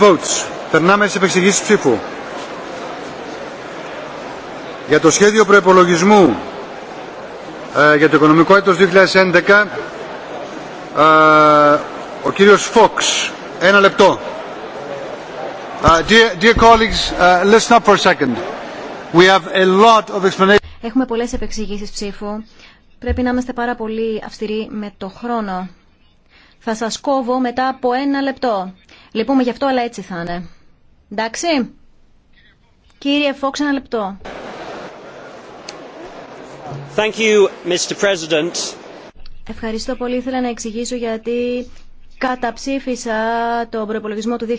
votes. Περνάμε στις επεξηγήσεις ψήφου. Για το σχέδιο προϋπολογισμού ε, για το οικονομικό έτος 2011 ε, ο κύριος Φόξ. Ένα λεπτό. Uh, dear, dear colleagues, uh, listen up for a second. We have a lot of explanation. Έχουμε πολλές επεξηγήσεις ψήφου. Πρέπει να είμαστε πάρα πολύ αυστηροί με το χρόνο. Θα σας κόβω μετά από ένα λεπτό. Λυπούμε γι' αυτό, αλλά έτσι θα είναι. Εντάξει. Κύριε Φόξ, ένα λεπτό. Thank you, Mr. Ευχαριστώ πολύ. Ήθελα να εξηγήσω γιατί Καταψήφισα τον προπολογισμό του 2011.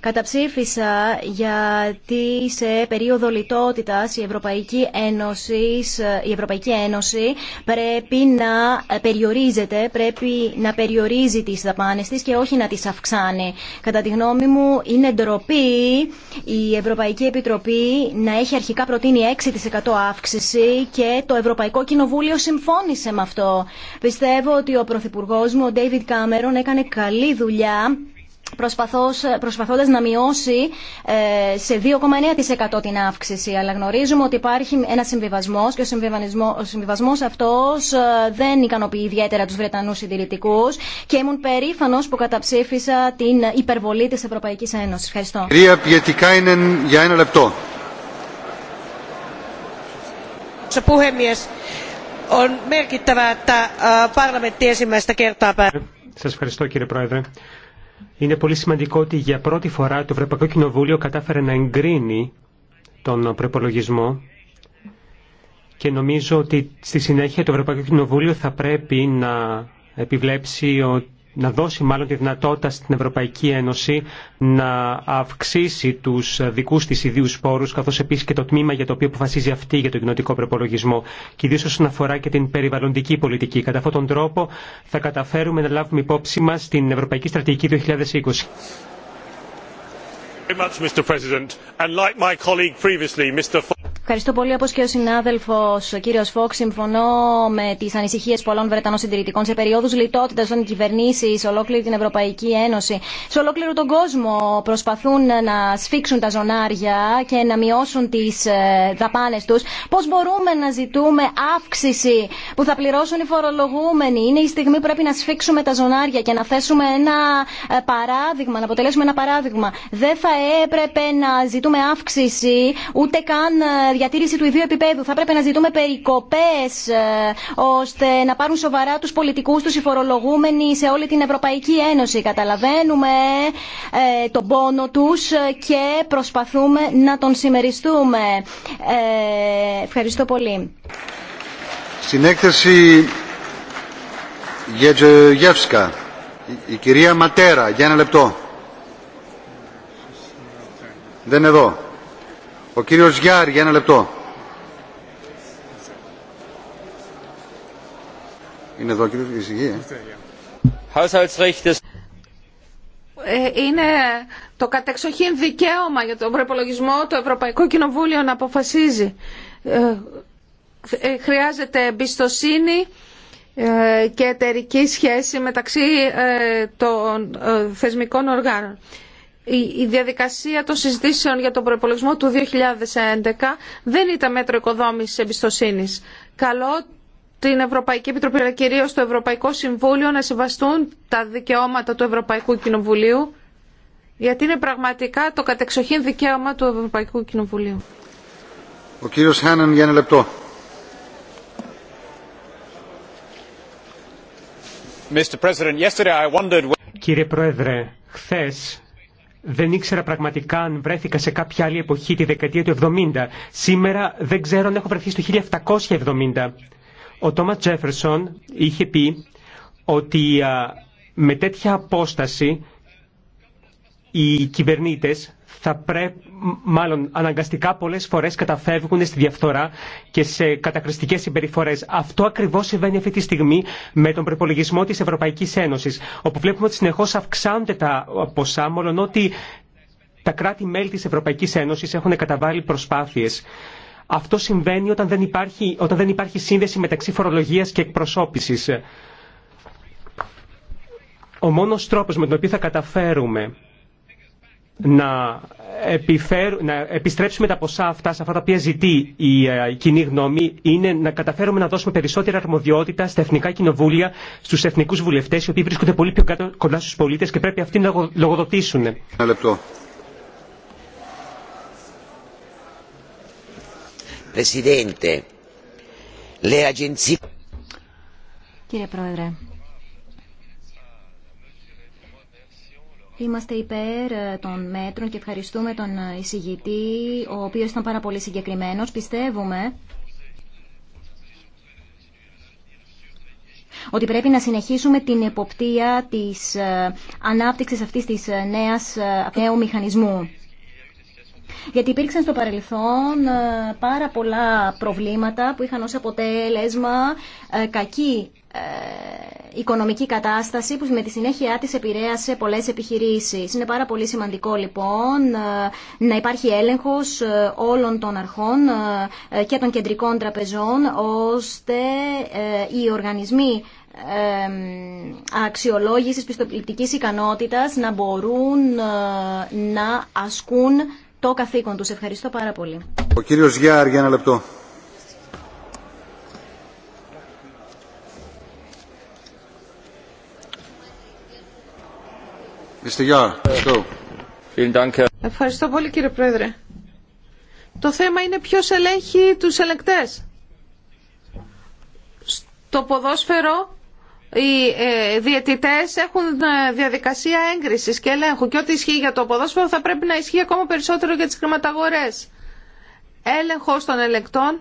Καταψήφισα γιατί σε περίοδο λιτότητας η Ευρωπαϊκή Ένωση, η Ευρωπαϊκή Ένωση πρέπει να περιορίζεται, πρέπει να περιορίζει τις δαπάνες της και όχι να τις αυξάνει. Κατά τη γνώμη μου είναι ντροπή η Ευρωπαϊκή Επιτροπή να έχει αρχικά προτείνει 6% αύξηση και το Ευρωπαϊκό Κοινοβούλιο συμφώνησε με αυτό. Πιστεύω ότι ο Πρωθυπουργός μου, ο David Κάμερον έκανε καλή δουλειά προσπαθώντας να μειώσει ε, σε 2,9% την αύξηση. Αλλά γνωρίζουμε ότι υπάρχει ένα συμβιβασμό και ο συμβιβασμό αυτό ε, δεν ικανοποιεί ιδιαίτερα του Βρετανού συντηρητικού και ήμουν περήφανος που καταψήφισα την υπερβολή τη Ευρωπαϊκή Ένωση. Ευχαριστώ. Κυρία είναι για ένα λεπτό. On merkittävää, että ε, parlamentti ensimmäistä kertaa σας ευχαριστώ κύριε Πρόεδρε. Είναι πολύ σημαντικό ότι για πρώτη φορά το Ευρωπαϊκό Κοινοβούλιο κατάφερε να εγκρίνει τον προπολογισμό και νομίζω ότι στη συνέχεια το Ευρωπαϊκό Κοινοβούλιο θα πρέπει να επιβλέψει ότι να δώσει μάλλον τη δυνατότητα στην Ευρωπαϊκή Ένωση να αυξήσει τους δικού τη ιδιού πόρους καθώς επίσης και το τμήμα για το οποίο αποφασίζει αυτή για τον κοινοτικό προπολογισμό και ιδίω όσον αφορά και την περιβαλλοντική πολιτική. Κατά αυτόν τον τρόπο θα καταφέρουμε να λάβουμε υπόψη μας την Ευρωπαϊκή Στρατηγική 2020. Ευχαριστώ πολύ. Όπω και ο συνάδελφο κύριο Φόξ, συμφωνώ με τι ανησυχίε πολλών Βρετανών συντηρητικών σε περιόδου λιτότητα των κυβερνήσει σε ολόκληρη την Ευρωπαϊκή Ένωση. Σε ολόκληρο τον κόσμο προσπαθούν να σφίξουν τα ζωνάρια και να μειώσουν τι ε, δαπάνε του. Πώ μπορούμε να ζητούμε αύξηση που θα πληρώσουν οι φορολογούμενοι. Είναι η στιγμή που πρέπει να σφίξουμε τα ζωνάρια και να θέσουμε ένα ε, παράδειγμα, να αποτελέσουμε ένα παράδειγμα. Δεν θα έπρεπε να ζητούμε αύξηση ούτε καν ε, διατήρηση του ιδίου επίπεδου. Θα έπρεπε να ζητούμε περικοπές ε, ώστε να πάρουν σοβαρά τους πολιτικούς τους οι φορολογούμενοι σε όλη την Ευρωπαϊκή Ένωση. Καταλαβαίνουμε ε, τον πόνο τους και προσπαθούμε να τον συμμεριστούμε. Ευχαριστώ πολύ. Στην έκθεση Γετζεγεύσκα, η κυρία Ματέρα, για ένα λεπτό. Δεν εδώ. Ο κύριος Γιάρ για ένα λεπτό. Είναι εδώ ο κύριος ε. ε, Είναι το κατεξοχήν δικαίωμα για τον προπολογισμό το Ευρωπαϊκό Κοινοβούλιο να αποφασίζει. Ε, χρειάζεται εμπιστοσύνη και εταιρική σχέση μεταξύ των θεσμικών οργάνων η διαδικασία των συζητήσεων για τον προπολογισμό του 2011 δεν ήταν μέτρο οικοδόμηση εμπιστοσύνη. Καλό την Ευρωπαϊκή Επιτροπή, αλλά κυρίω το Ευρωπαϊκό Συμβούλιο να σεβαστούν τα δικαιώματα του Ευρωπαϊκού Κοινοβουλίου, γιατί είναι πραγματικά το κατεξοχήν δικαίωμα του Ευρωπαϊκού Κοινοβουλίου. Ο λεπτό. Κύριε Πρόεδρε, δεν ήξερα πραγματικά αν βρέθηκα σε κάποια άλλη εποχή τη δεκαετία του 70. Σήμερα δεν ξέρω αν έχω βρεθεί στο 1770. Ο Τόμα Τζέφερσον είχε πει ότι με τέτοια απόσταση οι κυβερνήτες θα πρέπει, μάλλον αναγκαστικά πολλές φορές καταφεύγουν στη διαφθορά και σε κατακριστικές συμπεριφορές. Αυτό ακριβώς συμβαίνει αυτή τη στιγμή με τον προπολογισμό της Ευρωπαϊκής Ένωσης, όπου βλέπουμε ότι συνεχώς αυξάνονται τα ποσά, μόλον ότι τα κράτη-μέλη της Ευρωπαϊκής Ένωσης έχουν καταβάλει προσπάθειες. Αυτό συμβαίνει όταν δεν υπάρχει, όταν δεν υπάρχει σύνδεση μεταξύ φορολογίας και εκπροσώπησης. Ο μόνος τρόπος με τον οποίο θα καταφέρουμε να, να επιστρέψουμε τα ποσά αυτά σε αυτά τα οποία ζητεί ε, η κοινή γνώμη είναι να καταφέρουμε να δώσουμε περισσότερη αρμοδιότητα στα εθνικά κοινοβούλια, στους εθνικούς βουλευτές οι οποίοι βρίσκονται πολύ πιο κοντά στους πολίτες και πρέπει αυτοί να λογοδοτήσουν. Ένα Κύριε Πρόεδρε, Είμαστε υπέρ ε, των μέτρων και ευχαριστούμε τον ε, εισηγητή, ο οποίος ήταν πάρα πολύ συγκεκριμένος. Πιστεύουμε ότι πρέπει να συνεχίσουμε την εποπτεία της ε, ανάπτυξης αυτής της νέας νέου μηχανισμού γιατί υπήρξαν στο παρελθόν ε, πάρα πολλά προβλήματα που είχαν ως αποτέλεσμα ε, κακή ε, οικονομική κατάσταση που με τη συνέχεια της επηρέασε πολλές επιχειρήσεις. Είναι πάρα πολύ σημαντικό λοιπόν να υπάρχει έλεγχος όλων των αρχών και των κεντρικών τραπεζών ώστε οι οργανισμοί αξιολόγησης πιστοποιητικής ικανότητας να μπορούν να ασκούν το καθήκον τους. Ευχαριστώ πάρα πολύ. Ο κύριος Γιάρ για ένα λεπτό. Ευχαριστώ πολύ κύριε Πρόεδρε. Το θέμα είναι ποιος ελέγχει τους ελεκτές. Το ποδόσφαιρο οι ε, διαιτητές έχουν ε, διαδικασία έγκρισης και ελέγχου και ό,τι ισχύει για το ποδόσφαιρο θα πρέπει να ισχύει ακόμα περισσότερο για τις κρηματαγορές. Έλεγχος των ελεκτών,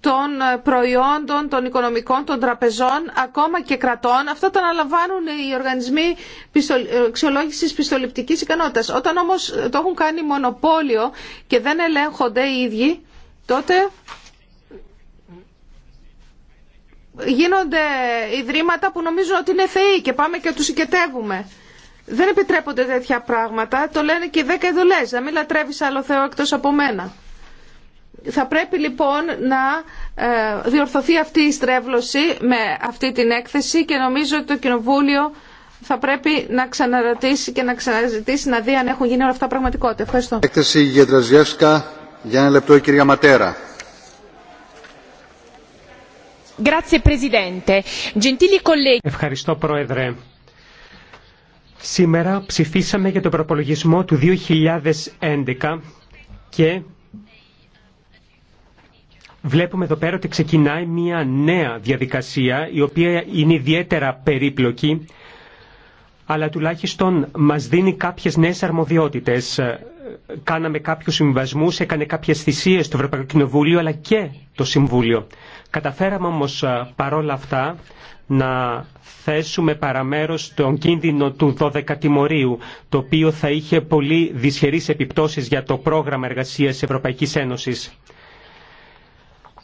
των ε, προϊόντων, των οικονομικών, των τραπεζών, ακόμα και κρατών. Αυτό το αναλαμβάνουν οι οργανισμοί ε, αξιολόγηση πιστοληπτικής ικανότητας. Όταν όμως το έχουν κάνει μονοπόλιο και δεν ελέγχονται οι ίδιοι, τότε γίνονται ιδρύματα που νομίζουν ότι είναι θεοί και πάμε και τους οικετεύουμε. Δεν επιτρέπονται τέτοια πράγματα, το λένε και οι δέκα ειδωλές, να μην λατρεύεις άλλο Θεό εκτός από μένα. Θα πρέπει λοιπόν να ε, διορθωθεί αυτή η στρέβλωση με αυτή την έκθεση και νομίζω ότι το Κοινοβούλιο θα πρέπει να ξαναρωτήσει και να ξαναζητήσει να δει αν έχουν γίνει όλα αυτά πραγματικότητα. Ευχαριστώ. Έκθεση για κυρία Ματέρα. Ευχαριστώ, Πρόεδρε. Σήμερα ψηφίσαμε για τον προπολογισμό του 2011 και βλέπουμε εδώ πέρα ότι ξεκινάει μια νέα διαδικασία η οποία είναι ιδιαίτερα περίπλοκη αλλά τουλάχιστον μας δίνει κάποιες νέες αρμοδιότητες. Κάναμε κάποιους συμβασμούς, έκανε κάποιες θυσίες το Ευρωπαϊκό Κοινοβούλιο αλλά και το Συμβούλιο. Καταφέραμε όμως παρόλα αυτά να θέσουμε παραμέρος τον κίνδυνο του 12 τιμωρίου, το οποίο θα είχε πολύ δυσχερείς επιπτώσεις για το πρόγραμμα εργασίας Ευρωπαϊκής Ένωσης.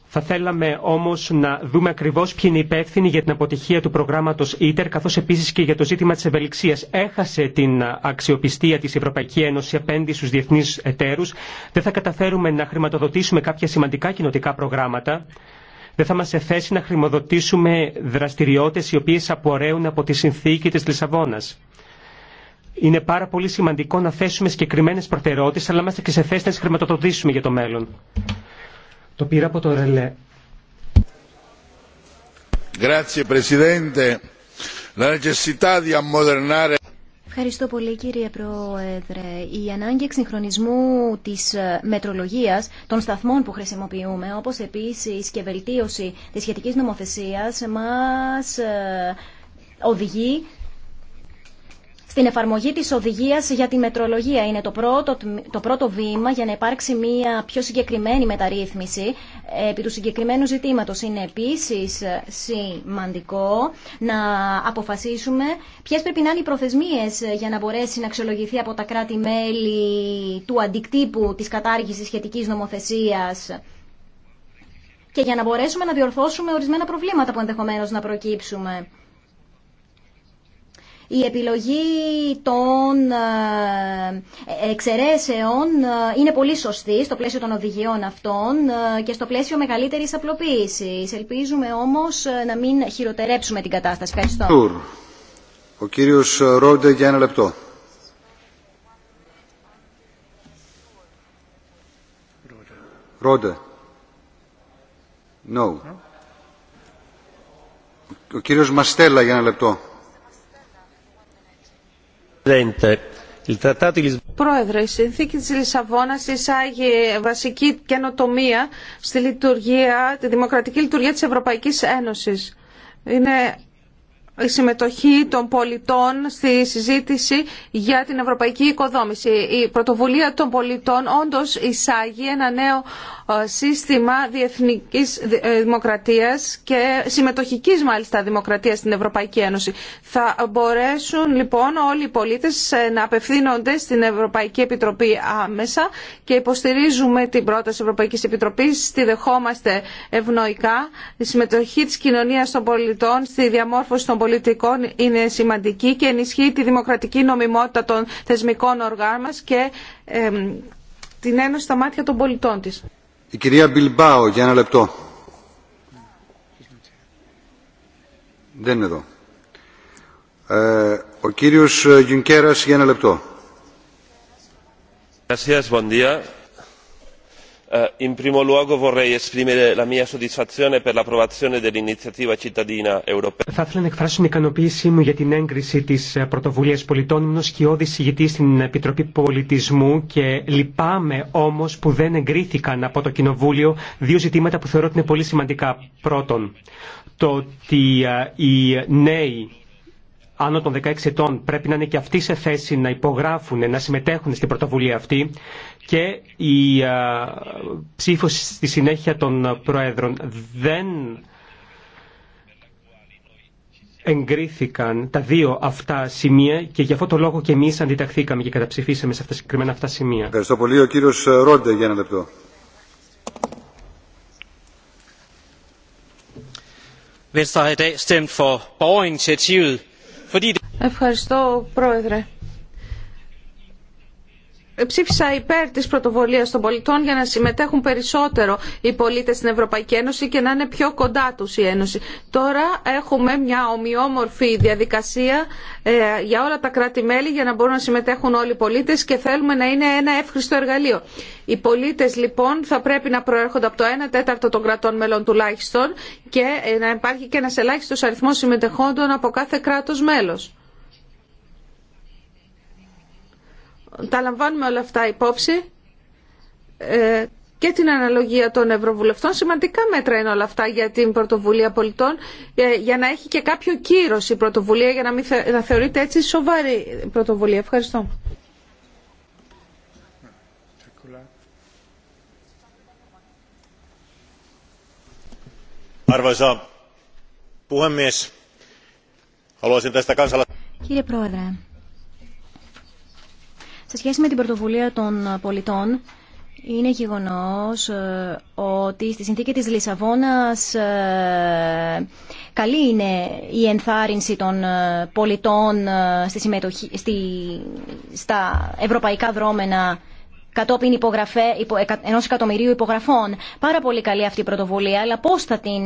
Θα θέλαμε όμως να δούμε ακριβώς ποιοι είναι υπεύθυνοι για την αποτυχία του προγράμματος ΙΤΕΡ, καθώς επίσης και για το ζήτημα της ευελιξίας. Έχασε την αξιοπιστία της Ευρωπαϊκή Ένωση απέναντι στους διεθνείς εταίρους. Δεν θα καταφέρουμε να χρηματοδοτήσουμε κάποια σημαντικά κοινοτικά προγράμματα δεν θα είμαστε σε θέση να χρηματοδοτήσουμε δραστηριότητες οι οποίες απορρέουν από τη συνθήκη της Λισαβόνας. Είναι πάρα πολύ σημαντικό να θέσουμε συγκεκριμένες προτεραιότητες, αλλά είμαστε και σε θέση να τις χρηματοδοτήσουμε για το μέλλον. Το πήρα από το ρελέ. Ευχαριστώ πολύ κύριε Πρόεδρε. Η ανάγκη εξυγχρονισμού της ε, μετρολογίας των σταθμών που χρησιμοποιούμε, όπως επίσης και βελτίωση της σχετικής νομοθεσίας, μας ε, οδηγεί στην εφαρμογή της οδηγίας για τη μετρολογία. Είναι το πρώτο, το πρώτο βήμα για να υπάρξει μια πιο συγκεκριμένη μεταρρύθμιση ε, επί του συγκεκριμένου ζητήματος. Είναι επίσης ε, σημαντικό να αποφασίσουμε ποιες πρέπει να είναι οι προθεσμίες ε, για να μπορέσει να αξιολογηθεί από τα κράτη-μέλη του αντικτύπου της κατάργησης σχετικής νομοθεσίας και για να μπορέσουμε να διορθώσουμε ορισμένα προβλήματα που ενδεχομένως να προκύψουμε. Η επιλογή των ε, εξαιρέσεων ε, είναι πολύ σωστή στο πλαίσιο των οδηγιών αυτών ε, και στο πλαίσιο μεγαλύτερη απλοποίηση. Ελπίζουμε όμως να μην χειροτερέψουμε την κατάσταση. Ευχαριστώ. Ο κύριος Ρόντε για ένα λεπτό. Ρόντε. No. Ο κύριος Μαστέλα για ένα λεπτό. Πρόεδρε, η συνθήκη της Λισαβόνας εισάγει βασική καινοτομία στη λειτουργία, τη δημοκρατική λειτουργία της Ευρωπαϊκής Ένωσης. Είναι η συμμετοχή των πολιτών στη συζήτηση για την ευρωπαϊκή οικοδόμηση. Η πρωτοβουλία των πολιτών όντως εισάγει ένα νέο ε, σύστημα διεθνικής ε, δημοκρατίας και συμμετοχικής μάλιστα δημοκρατίας στην Ευρωπαϊκή Ένωση. Θα μπορέσουν λοιπόν όλοι οι πολίτες ε, να απευθύνονται στην Ευρωπαϊκή Επιτροπή άμεσα και υποστηρίζουμε την πρόταση Ευρωπαϊκής Επιτροπής, τη δεχόμαστε ευνοϊκά, τη συμμετοχή της των πολιτών στη διαμόρφωση πολιτικών είναι σημαντική και ενισχύει τη δημοκρατική νομιμότητα των θεσμικών οργάνων μας και την ένωση στα μάτια των πολιτών της. Η κυρία Μπιλμπάο, για ένα λεπτό. Δεν είναι εδώ. Ε, ο κύριος Γιουνκέρας για ένα λεπτό. Gracias, θα ήθελα να εκφράσω την ικανοποίησή μου για την έγκριση τη ε, πρωτοβουλία πολιτών. ο σκιώδη ηγητή στην Επιτροπή Πολιτισμού και λυπάμαι όμω που δεν εγκρίθηκαν από το Κοινοβούλιο δύο ζητήματα που θεωρώ ότι είναι πολύ σημαντικά. Πρώτον, το ότι ε, οι νέοι άνω των 16 ετών πρέπει να είναι και αυτοί σε θέση να υπογράφουν, να συμμετέχουν στην πρωτοβουλία αυτή και η ψήφωση στη συνέχεια των Προέδρων δεν εγκρίθηκαν τα δύο αυτά σημεία και γι' αυτό το λόγο και εμείς αντιταχθήκαμε και καταψηφίσαμε σε αυτά συγκεκριμένα αυτά σημεία. Ευχαριστώ πολύ. Ο κύριος Ρόντε για ένα λεπτό. Ευχαριστώ, Πρόεδρε. Ε, ψήφισα υπέρ της πρωτοβολίας των πολιτών για να συμμετέχουν περισσότερο οι πολίτες στην Ευρωπαϊκή Ένωση και να είναι πιο κοντά τους η Ένωση. Τώρα έχουμε μια ομοιόμορφη διαδικασία ε, για όλα τα κράτη-μέλη για να μπορούν να συμμετέχουν όλοι οι πολίτες και θέλουμε να είναι ένα εύχριστο εργαλείο. Οι πολίτες λοιπόν θα πρέπει να προέρχονται από το 1 τέταρτο των κρατών μελών τουλάχιστον και να υπάρχει και ένας ελάχιστος αριθμός συμμετεχόντων από κάθε κράτος μέλος. τα λαμβάνουμε όλα αυτά υπόψη ε, και την αναλογία των Ευρωβουλευτών. Σημαντικά μέτρα είναι όλα αυτά για την πρωτοβουλία πολιτών, ε, για να έχει και κάποιο κύρος η πρωτοβουλία, για να, μην να θεωρείται έτσι σοβαρή πρωτοβουλία. Ευχαριστώ. Κύριε Πρόεδρε, σε σχέση με την πρωτοβουλία των πολιτών, είναι γεγονός ε, ότι στη συνθήκη της Λισαβόνας ε, καλή είναι η ενθάρρυνση των ε, πολιτών στη συμμετοχή, στη, στα ευρωπαϊκά δρόμενα κατόπιν υπογραφέ, ενός εκατομμυρίου υπογραφών. Πάρα πολύ καλή αυτή η πρωτοβουλία, αλλά πώς θα την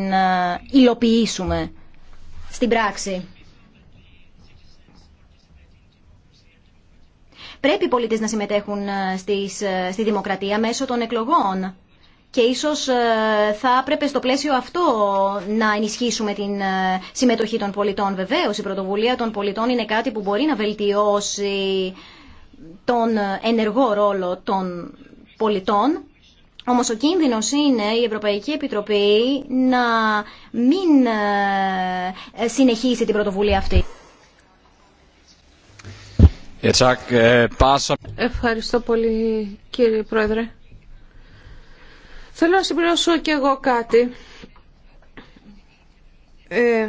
υλοποιήσουμε στην πράξη. Πρέπει οι πολίτες να συμμετέχουν ε, στις, ε, στη δημοκρατία μέσω των εκλογών. Και ίσως ε, θα έπρεπε στο πλαίσιο αυτό να ενισχύσουμε την συμμετοχή των πολιτών. Βεβαίως η πρωτοβουλία των πολιτών είναι κάτι που μπορεί να βελτιώσει τον ενεργό ρόλο των πολιτών. Όμως ο κίνδυνος είναι η Ευρωπαϊκή Επιτροπή να μην συνεχίσει την πρωτοβουλία αυτή. Ε, ε, Ευχαριστώ πολύ κύριε Πρόεδρε. Θέλω να συμπληρώσω και εγώ κάτι ε,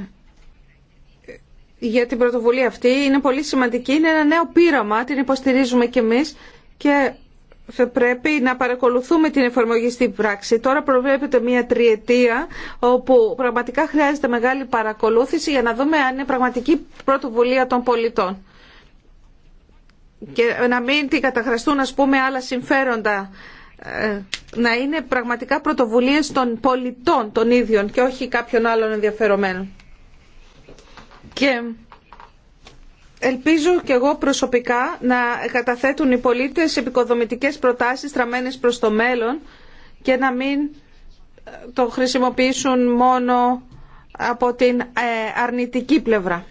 για την πρωτοβουλία αυτή. Είναι πολύ σημαντική, είναι ένα νέο πείραμα, την υποστηρίζουμε κι εμείς και θα πρέπει να παρακολουθούμε την εφαρμογή στην πράξη. Τώρα προβλέπεται μια τριετία όπου πραγματικά χρειάζεται μεγάλη παρακολούθηση για να δούμε αν είναι πραγματική πρωτοβουλία των πολιτών και να μην την καταχραστούν ας πούμε άλλα συμφέροντα ε, να είναι πραγματικά πρωτοβουλίες των πολιτών των ίδιων και όχι κάποιων άλλων ενδιαφερομένων. Και ελπίζω και εγώ προσωπικά να καταθέτουν οι πολίτες επικοδομητικές προτάσεις τραμμένες προς το μέλλον και να μην ε, το χρησιμοποιήσουν μόνο από την ε, αρνητική πλευρά.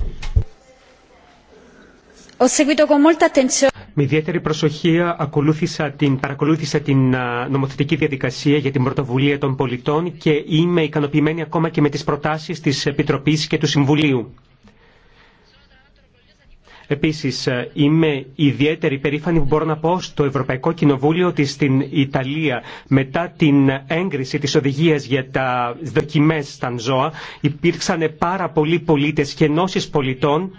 Με ιδιαίτερη προσοχή ακολούθησα την, παρακολούθησα την νομοθετική διαδικασία για την πρωτοβουλία των πολιτών και είμαι ικανοποιημένη ακόμα και με τις προτάσεις της Επιτροπής και του Συμβουλίου. Επίσης, είμαι ιδιαίτερη περήφανη που μπορώ να πω στο Ευρωπαϊκό Κοινοβούλιο ότι στην Ιταλία μετά την έγκριση της οδηγίας για τα δοκιμές στα ζώα υπήρξαν πάρα πολλοί πολίτες και ενώσεις πολιτών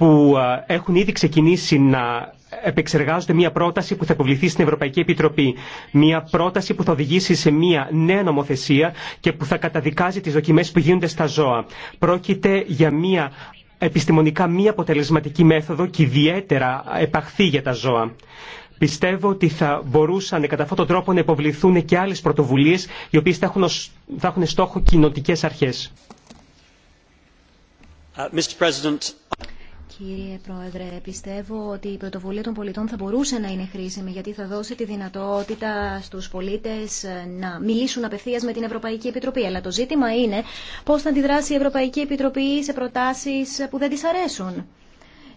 που έχουν ήδη ξεκινήσει να επεξεργάζονται μια πρόταση που θα υποβληθεί στην Ευρωπαϊκή Επιτροπή. Μια πρόταση που θα οδηγήσει σε μια νέα νομοθεσία και που θα καταδικάζει τις δοκιμές που γίνονται στα ζώα. Πρόκειται για μια επιστημονικά μη αποτελεσματική μέθοδο και ιδιαίτερα επαχθή για τα ζώα. Πιστεύω ότι θα μπορούσαν κατά αυτόν τον τρόπο να υποβληθούν και άλλες πρωτοβουλίες οι οποίες θα έχουν, θα έχουν στόχο κοινοτικές αρχές. Uh, Κύριε Πρόεδρε, πιστεύω ότι η πρωτοβουλία των πολιτών θα μπορούσε να είναι χρήσιμη γιατί θα δώσει τη δυνατότητα στους πολίτες ε, να μιλήσουν απευθείας με την Ευρωπαϊκή Επιτροπή. Αλλά το ζήτημα είναι πώς θα αντιδράσει η Ευρωπαϊκή Επιτροπή σε προτάσεις που δεν της αρέσουν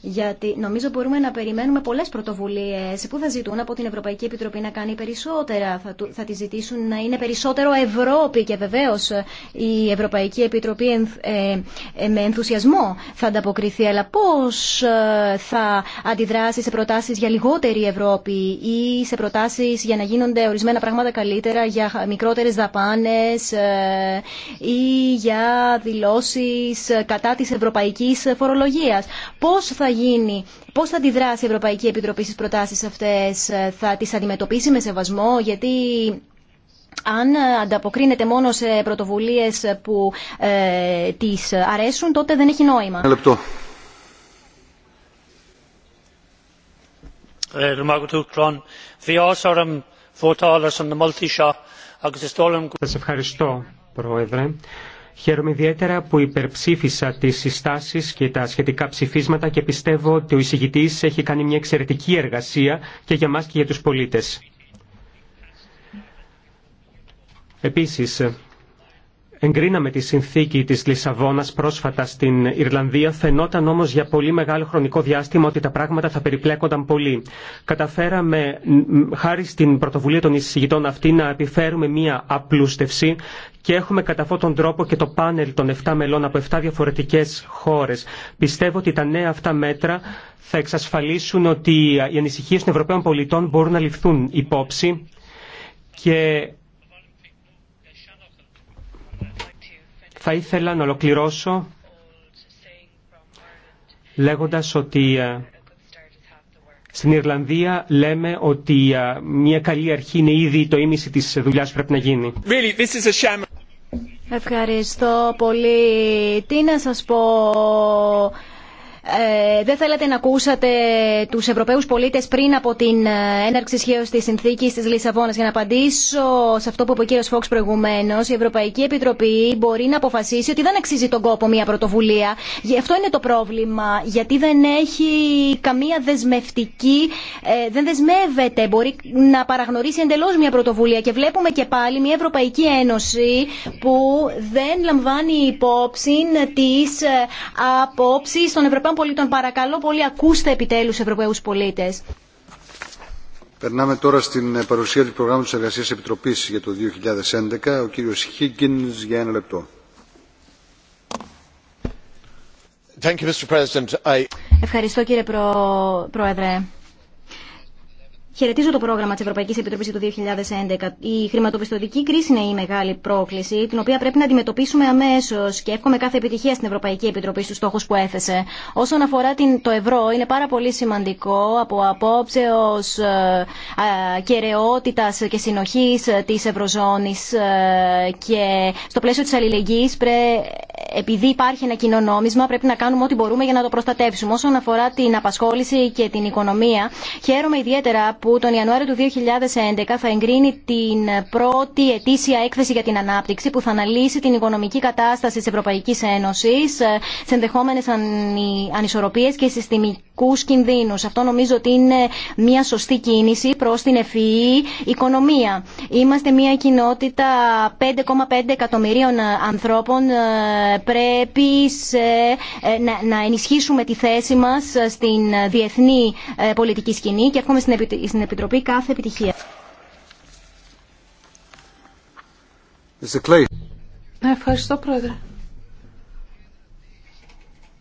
γιατί νομίζω μπορούμε να περιμένουμε πολλές πρωτοβουλίες που θα ζητούν από την Ευρωπαϊκή Επιτροπή να κάνει περισσότερα, θα, θα τη ζητήσουν να είναι περισσότερο Ευρώπη και βεβαίως η Ευρωπαϊκή Επιτροπή ε, ε, με ενθουσιασμό θα ανταποκριθεί, αλλά πώς ε, θα αντιδράσει σε προτάσεις για λιγότερη Ευρώπη ή σε προτάσεις για να γίνονται ορισμένα πράγματα καλύτερα, για μικρότερες δαπάνες ή για δηλώσεις κατά της ευρωπαϊκής φορολογίας. Πώς γίνει, πώς θα αντιδράσει η Ευρωπαϊκή Επιτροπή στις προτάσεις αυτές, ε, θα τις αντιμετωπίσει με σεβασμό, γιατί αν ανταποκρίνεται μόνο σε πρωτοβουλίες που ε, τις αρέσουν, τότε δεν έχει νόημα. Ένα ε, Σας ευχαριστώ, Πρόεδρε. Χαίρομαι ιδιαίτερα που υπερψήφισα τις συστάσεις και τα σχετικά ψηφίσματα και πιστεύω ότι ο εισηγητή έχει κάνει μια εξαιρετική εργασία και για μα και για τους πολίτες. Επίσης, εγκρίναμε τη συνθήκη της Λισαβόνας πρόσφατα στην Ιρλανδία, φαινόταν όμως για πολύ μεγάλο χρονικό διάστημα ότι τα πράγματα θα περιπλέκονταν πολύ. Καταφέραμε, χάρη στην πρωτοβουλία των εισηγητών αυτή, να επιφέρουμε μία απλούστευση και έχουμε κατά αυτόν τον τρόπο και το πάνελ των 7 μελών από 7 διαφορετικές χώρες. Πιστεύω ότι τα νέα αυτά μέτρα θα εξασφαλίσουν ότι οι ανησυχίε των Ευρωπαίων πολιτών μπορούν να ληφθούν υπόψη και Θα ήθελα να ολοκληρώσω λέγοντας ότι ε, στην Ιρλανδία λέμε ότι ε, μια καλή αρχή είναι ήδη το ίμιση της δουλειάς που πρέπει να γίνει. Ευχαριστώ πολύ. Τι να σας πω, ε, δεν θέλατε να ακούσατε του Ευρωπαίου πολίτε πριν από την ε, έναρξη ισχύω τη συνθήκη τη Λισαβόνα Για να απαντήσω σε αυτό που είπε ο κύριος Φόξ προηγουμένω, η Ευρωπαϊκή Επιτροπή μπορεί να αποφασίσει ότι δεν αξίζει τον κόπο μια πρωτοβουλία. Γι' αυτό είναι το πρόβλημα, γιατί δεν έχει καμία δεσμευτική, ε, δεν δεσμεύεται, μπορεί να παραγνωρίσει εντελω μια πρωτοβουλία και βλέπουμε και πάλι μια Ευρωπαϊκή Ένωση που δεν λαμβάνει υπόψη τι των Ευρωπαίων Ευρωπαίων πολιτών. Παρακαλώ πολύ, ακούστε επιτέλους Ευρωπαίους πολίτες. Περνάμε τώρα στην ε, παρουσία του προγράμματος της Εργασίας Επιτροπής για το 2011. Ο κύριος Higgins για ένα λεπτό. Ευχαριστώ κύριε Πρόεδρε. Χαιρετίζω το πρόγραμμα τη Ευρωπαϊκή Επιτροπή του 2011. Η χρηματοπιστωτική κρίση είναι η μεγάλη πρόκληση, την οποία πρέπει να αντιμετωπίσουμε αμέσω και εύχομαι κάθε επιτυχία στην Ευρωπαϊκή Επιτροπή στου στόχου που έθεσε. Όσον αφορά την, το ευρώ, είναι πάρα πολύ σημαντικό από απόψεω ε, κεραιότητα και συνοχή ε, τη Ευρωζώνη ε, και στο πλαίσιο τη αλληλεγγύη, επειδή υπάρχει ένα κοινό πρέπει να κάνουμε ό,τι μπορούμε για να το προστατεύσουμε. Όσον αφορά την απασχόληση και την οικονομία, χαίρομαι ιδιαίτερα που τον Ιανουάριο του 2011 θα εγκρίνει την πρώτη ετήσια έκθεση για την ανάπτυξη που θα αναλύσει την οικονομική κατάσταση τη ευρωπαϊκή Ένωση ε, σε ενδεχόμενε ανισορροπίες και συστημικούς κινδύνους. Αυτό νομίζω ότι είναι μια σωστή κίνηση προς την ευφυή οικονομία. Είμαστε μια κοινότητα 5,5 εκατομμυρίων ε, ανθρώπων. Ε, πρέπει να, να ενισχύσουμε τη θέση μα στην διεθνή πολιτική σκηνή και εύχομαι στην, στην Επιτροπή κάθε επιτυχία. Ναι, ευχαριστώ Πρόεδρε.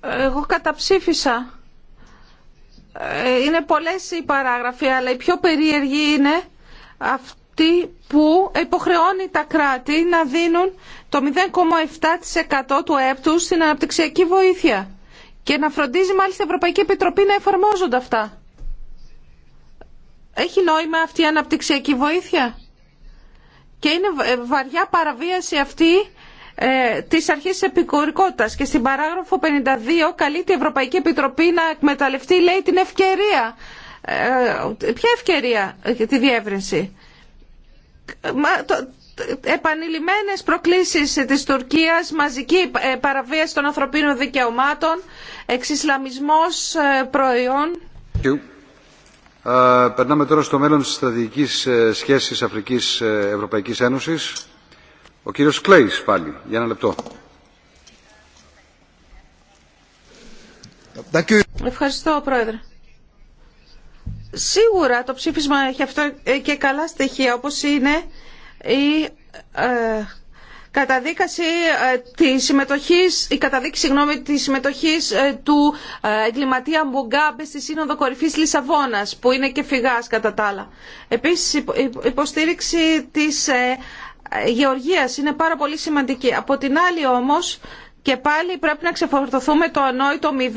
Εγώ καταψήφισα. Ε, είναι πολλές οι παράγραφοι, αλλά η πιο περίεργη είναι αυτή που υποχρεώνει τα κράτη να δίνουν το 0,7% του ΕΕ στην αναπτυξιακή βοήθεια και να φροντίζει μάλιστα η Ευρωπαϊκή Επιτροπή να εφαρμόζονται αυτά. Έχει νόημα αυτή η αναπτυξιακή βοήθεια. Και είναι ε, βαριά παραβίαση αυτή ε, της αρχής επικουρικότητας. Και στην παράγραφο 52 καλεί η Ευρωπαϊκή Επιτροπή να εκμεταλλευτεί, λέει, την ευκαιρία. Ε, ποια ευκαιρία τη διεύρυνση. Μα, το, επανειλημμένες προκλήσεις της Τουρκίας, μαζική παραβίαση των ανθρωπίνων δικαιωμάτων, εξισλαμισμός προϊόν. Περνάμε τώρα στο μέλλον της στρατηγικής ε, σχέσης Αφρικής-Ευρωπαϊκής ε, Ένωσης. Ο κύριος Κλέης πάλι, για ένα λεπτό. Ευχαριστώ, Πρόεδρε. Σίγουρα το ψήφισμα έχει αυτό ε, και καλά στοιχεία, όπως είναι η καταδίκαση ε, της συμμετοχής, η καταδίκη συγγνώμη, της συμμετοχής ε, του ε, εγκληματία Μπουγκάμπη στη Σύνοδο Κορυφής Λισαβόνας, που είναι και φυγάς κατά τα άλλα. Επίσης, υποστήριξη της Γεωργίας είναι πάρα πολύ σημαντική. Από την άλλη όμως, και πάλι πρέπει να ξεφορτωθούμε το ανόητο 0,7%. 60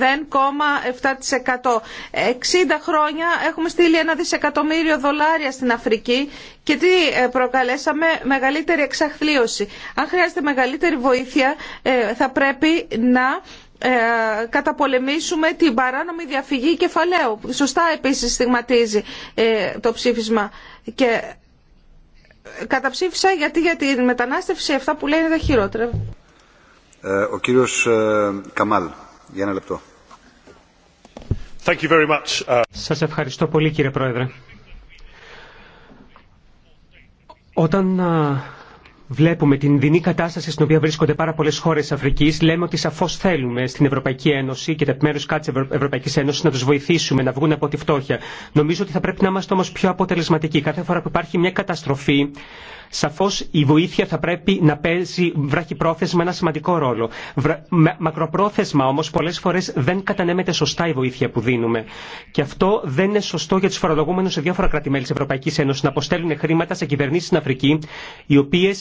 χρόνια έχουμε στείλει ένα δισεκατομμύριο δολάρια στην Αφρική και τι ε, προκαλέσαμε μεγαλύτερη εξαχθλίωση. Αν χρειάζεται μεγαλύτερη βοήθεια ε, θα πρέπει να ε, καταπολεμήσουμε την παράνομη διαφυγή κεφαλαίου. Σωστά επίσης στιγματίζει το ψήφισμα. Και καταψήφισα γιατί για τη μετανάστευση αυτά που λένε τα χειρότερα. Ε, ο κύριος ε, Καμάλ, για ένα λεπτό. Uh, Σας ευχαριστώ πολύ κύριε Πρόεδρε. Όταν βλέπουμε την δινή κατάσταση στην οποία βρίσκονται πάρα πολλές χώρες αφρικής, Αφρική, λέμε ότι σαφώς θέλουμε στην Ευρωπαϊκή Ένωση και τα επιμέρου κάτω τη Ευρωπαϊκή Ένωση να τους βοηθήσουμε να βγουν από τη φτώχεια. Νομίζω ότι θα πρέπει να είμαστε όμως πιο αποτελεσματικοί. Κάθε φορά που υπάρχει μια καταστροφή, Σαφώ η βοήθεια θα πρέπει να παίζει βραχυπρόθεσμα ένα σημαντικό ρόλο. Μακροπρόθεσμα όμω πολλέ φορέ δεν κατανέμεται σωστά η βοήθεια που δίνουμε. Και αυτό δεν είναι σωστό για του φορολογούμενου σε διάφορα κράτη-μέλη τη Ευρωπαϊκή Ένωση να αποστέλουν χρήματα σε κυβερνήσει στην Αφρική, οι οποίε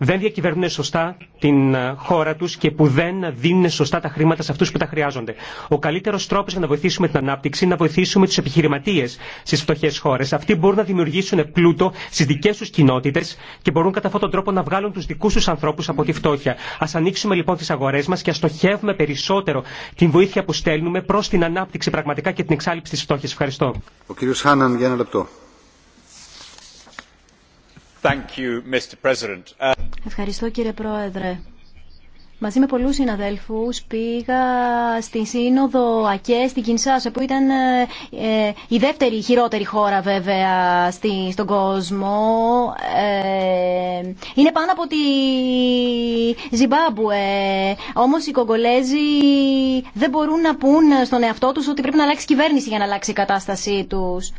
δεν διακυβερνούν σωστά την ε, χώρα τους και που δεν δίνουν σωστά τα χρήματα σε αυτούς που τα χρειάζονται. Ο καλύτερος τρόπος για να βοηθήσουμε την ανάπτυξη είναι να βοηθήσουμε του επιχειρηματίες στις φτωχές χώρες. Αυτοί μπορούν να δημιουργήσουν πλούτο στις δικές τους κοινότητες και μπορούν κατά αυτόν τον τρόπο να βγάλουν τους δικούς τους ανθρώπους από τη φτώχεια. Ας ανοίξουμε λοιπόν τις αγορές μας και ας στοχεύουμε περισσότερο την βοήθεια που στέλνουμε προς την ανάπτυξη πραγματικά και την εξάλληψη τη φτώχειας. Ευχαριστώ. Ο Χάναν για ένα λεπτό. Uh, Ευχαριστώ κύριε Πρόεδρε. Μαζί με πολλούς συναδέλφους πήγα στη Σύνοδο ΑΚΕ στην Κινσάσα που ήταν ε, ε, η δεύτερη χειρότερη χώρα βέβαια στον κόσμο. Ε, είναι πάνω από τη Ζιμπάμπουε. Όμως οι Κογκολέζοι δεν μπορούν να πούν στον εαυτό τους ότι πρέπει να αλλάξει κυβέρνηση για να αλλάξει η κατάστασή τους.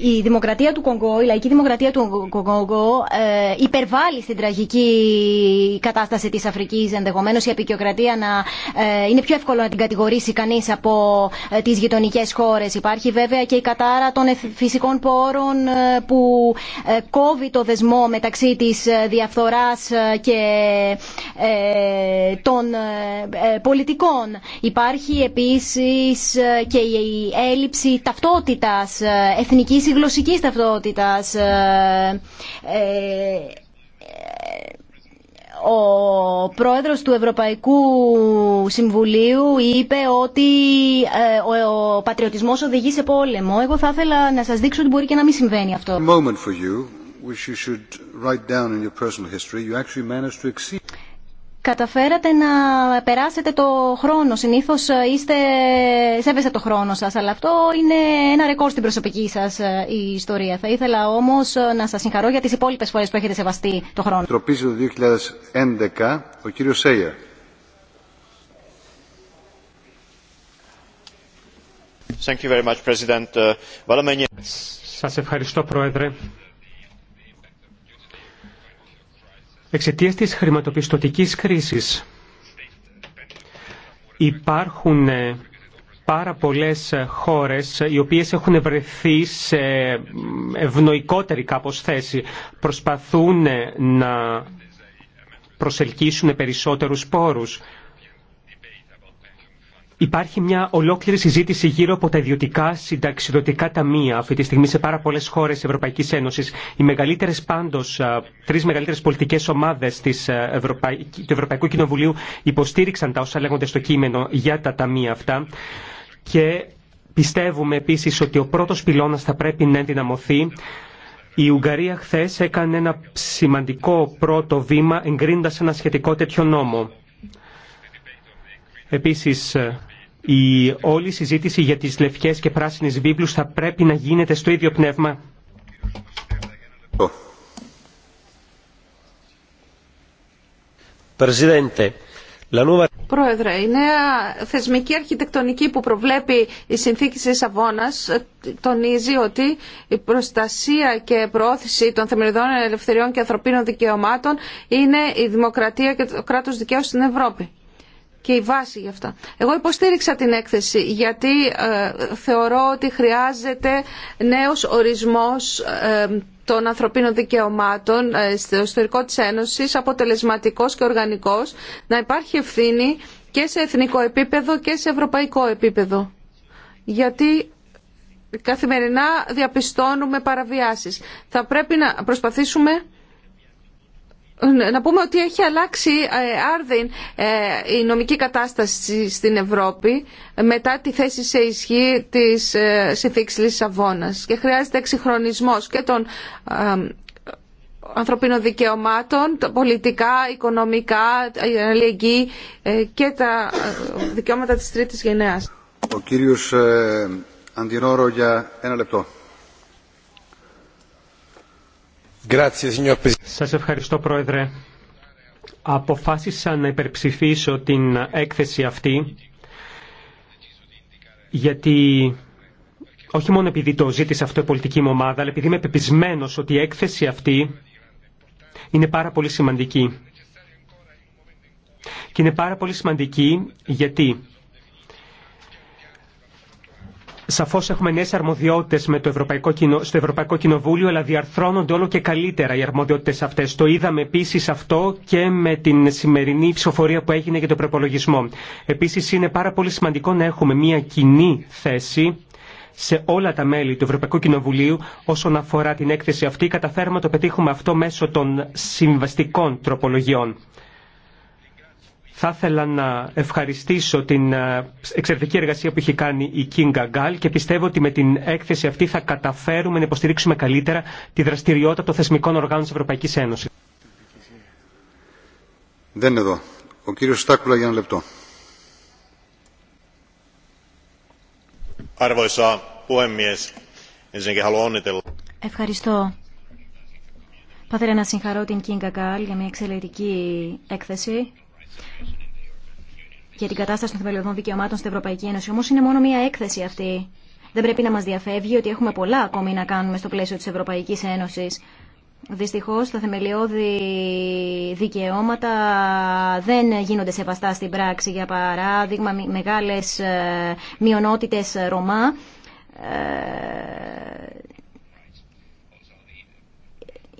Η, δημοκρατία του Κονγκό, η λαϊκή δημοκρατία του Κονγκό ε, υπερβάλλει στην τραγική κατάσταση της Αφρικής. Ενδεχομένως η επικιοκρατία να, ε, είναι πιο εύκολο να την κατηγορήσει κανείς από ε, τις γειτονικές χώρες. Υπάρχει βέβαια και η κατάρα των φυσικών πόρων που κόβει το δεσμό μεταξύ της διαφθοράς και των πολιτικών. Υπάρχει επίσης και η έλλειψη ταυτότητας ε, εθνικής ή γλωσσικής ταυτότητας. Ε, ε, ο πρόεδρος του Ευρωπαϊκού Συμβουλίου είπε ότι ο πατριωτισμός οδηγεί σε πόλεμο. Εγώ θα ήθελα να σας δείξω ότι μπορεί και να μην συμβαίνει αυτό καταφέρατε να περάσετε το χρόνο. Συνήθως ε, είστε, σέβεστε το χρόνο σας, αλλά αυτό είναι ένα ρεκόρ στην προσωπική σας ε, ιστορία. Θα ήθελα όμως ε, να σας συγχαρώ για τις υπόλοιπες φορές που έχετε σεβαστεί το χρόνο. Τροπίζει το 2011 ο κύριος Σέια. Thank you very Σας ευχαριστώ, Πρόεδρε. Εξαιτίας της χρηματοπιστωτικής κρίσης υπάρχουν ε, πάρα πολλές ε, χώρες ε, οι οποίες έχουν βρεθεί σε ευνοϊκότερη κάπως θέση. Προσπαθούν να προσελκύσουν περισσότερους πόρους. Υπάρχει μια ολόκληρη συζήτηση γύρω από τα ιδιωτικά συνταξιδοτικά ταμεία αυτή τη στιγμή σε πάρα πολλέ χώρε τη Ευρωπαϊκή Ένωση. Οι μεγαλύτερε πάντω, τρει μεγαλύτερε πολιτικέ ομάδε του Ευρωπαϊκού Κοινοβουλίου υποστήριξαν τα όσα λέγονται στο κείμενο για τα ταμεία αυτά. Και πιστεύουμε επίση ότι ο πρώτο πυλώνα θα πρέπει να ενδυναμωθεί. Η Ουγγαρία χθε έκανε ένα σημαντικό πρώτο βήμα εγκρίνοντα ένα σχετικό τέτοιο νόμο. Επίσης, η όλη συζήτηση για τις λευκές και πράσινες βίβλους θα πρέπει να γίνεται στο ίδιο πνεύμα. Πρόεδρε, η νέα θεσμική αρχιτεκτονική που προβλέπει η συνθήκη τη Λισαβόνας τονίζει ότι η προστασία και προώθηση των θεμελιδών ελευθεριών και ανθρωπίνων δικαιωμάτων είναι η δημοκρατία και το κράτο δικαίου στην Ευρώπη και η βάση για αυτά. Εγώ υποστήριξα την έκθεση γιατί ε, θεωρώ ότι χρειάζεται νέος ορισμός ε, των ανθρωπίνων δικαιωμάτων ε, στο ιστορικό της Ένωσης, αποτελεσματικός και οργανικός, να υπάρχει ευθύνη και σε εθνικό επίπεδο και σε ευρωπαϊκό επίπεδο. Γιατί καθημερινά διαπιστώνουμε παραβιάσεις. Θα πρέπει να προσπαθήσουμε να πούμε ότι έχει αλλάξει ε, άρδιν ε, η νομική κατάσταση στην Ευρώπη ε, μετά τη θέση σε ισχύ της συνθήκης Λισαβόνας και χρειάζεται εξυγχρονισμός και των ανθρωπίνων δικαιωμάτων, πολιτικά, οικονομικά, αλληλεγγύη και τα δικαιώματα της τρίτης γενεάς. Ο κύριος Αντινόρο για ένα λεπτό. Σας ευχαριστώ Πρόεδρε. Αποφάσισα να υπερψηφίσω την έκθεση αυτή γιατί όχι μόνο επειδή το ζήτησε αυτό η πολιτική μου ομάδα, αλλά επειδή είμαι πεπισμένο ότι η έκθεση αυτή είναι πάρα πολύ σημαντική. Και είναι πάρα πολύ σημαντική γιατί Σαφώ έχουμε νέε αρμοδιότητε στο Ευρωπαϊκό Κοινοβούλιο, αλλά διαρθρώνονται όλο και καλύτερα οι αρμοδιότητε αυτέ. Το είδαμε επίση αυτό και με την σημερινή ψηφοφορία που έγινε για τον προπολογισμό. Επίση, είναι πάρα πολύ σημαντικό να έχουμε μια κοινή θέση σε όλα τα μέλη του Ευρωπαϊκού Κοινοβουλίου όσον αφορά την έκθεση αυτή. Καταφέρουμε να το πετύχουμε αυτό μέσω των συμβαστικών τροπολογιών. Θα ήθελα να ευχαριστήσω την ε, εξαιρετική εργασία που έχει κάνει η Κίνγκα Γκάλ και πιστεύω ότι με την έκθεση αυτή θα καταφέρουμε να υποστηρίξουμε καλύτερα τη δραστηριότητα των θεσμικών οργάνων της Ευρωπαϊκής Ένωσης. Δεν εδώ. Ο κύριος Στάκουλα για ένα λεπτό. Ευχαριστώ. Θα ήθελα να συγχαρώ την Κίνγκα Γκάλ για μια εξαιρετική έκθεση για την κατάσταση των θεμελιωδών δικαιωμάτων στην Ευρωπαϊκή Ένωση. Όμω είναι μόνο μία έκθεση αυτή. Δεν πρέπει να μα διαφεύγει ότι έχουμε πολλά ακόμη να κάνουμε στο πλαίσιο τη Ευρωπαϊκή Ένωση. Δυστυχώ τα θεμελιώδη δικαιώματα δεν γίνονται σεβαστά στην πράξη. Για παράδειγμα, μεγάλε μειονότητε Ρωμά ε,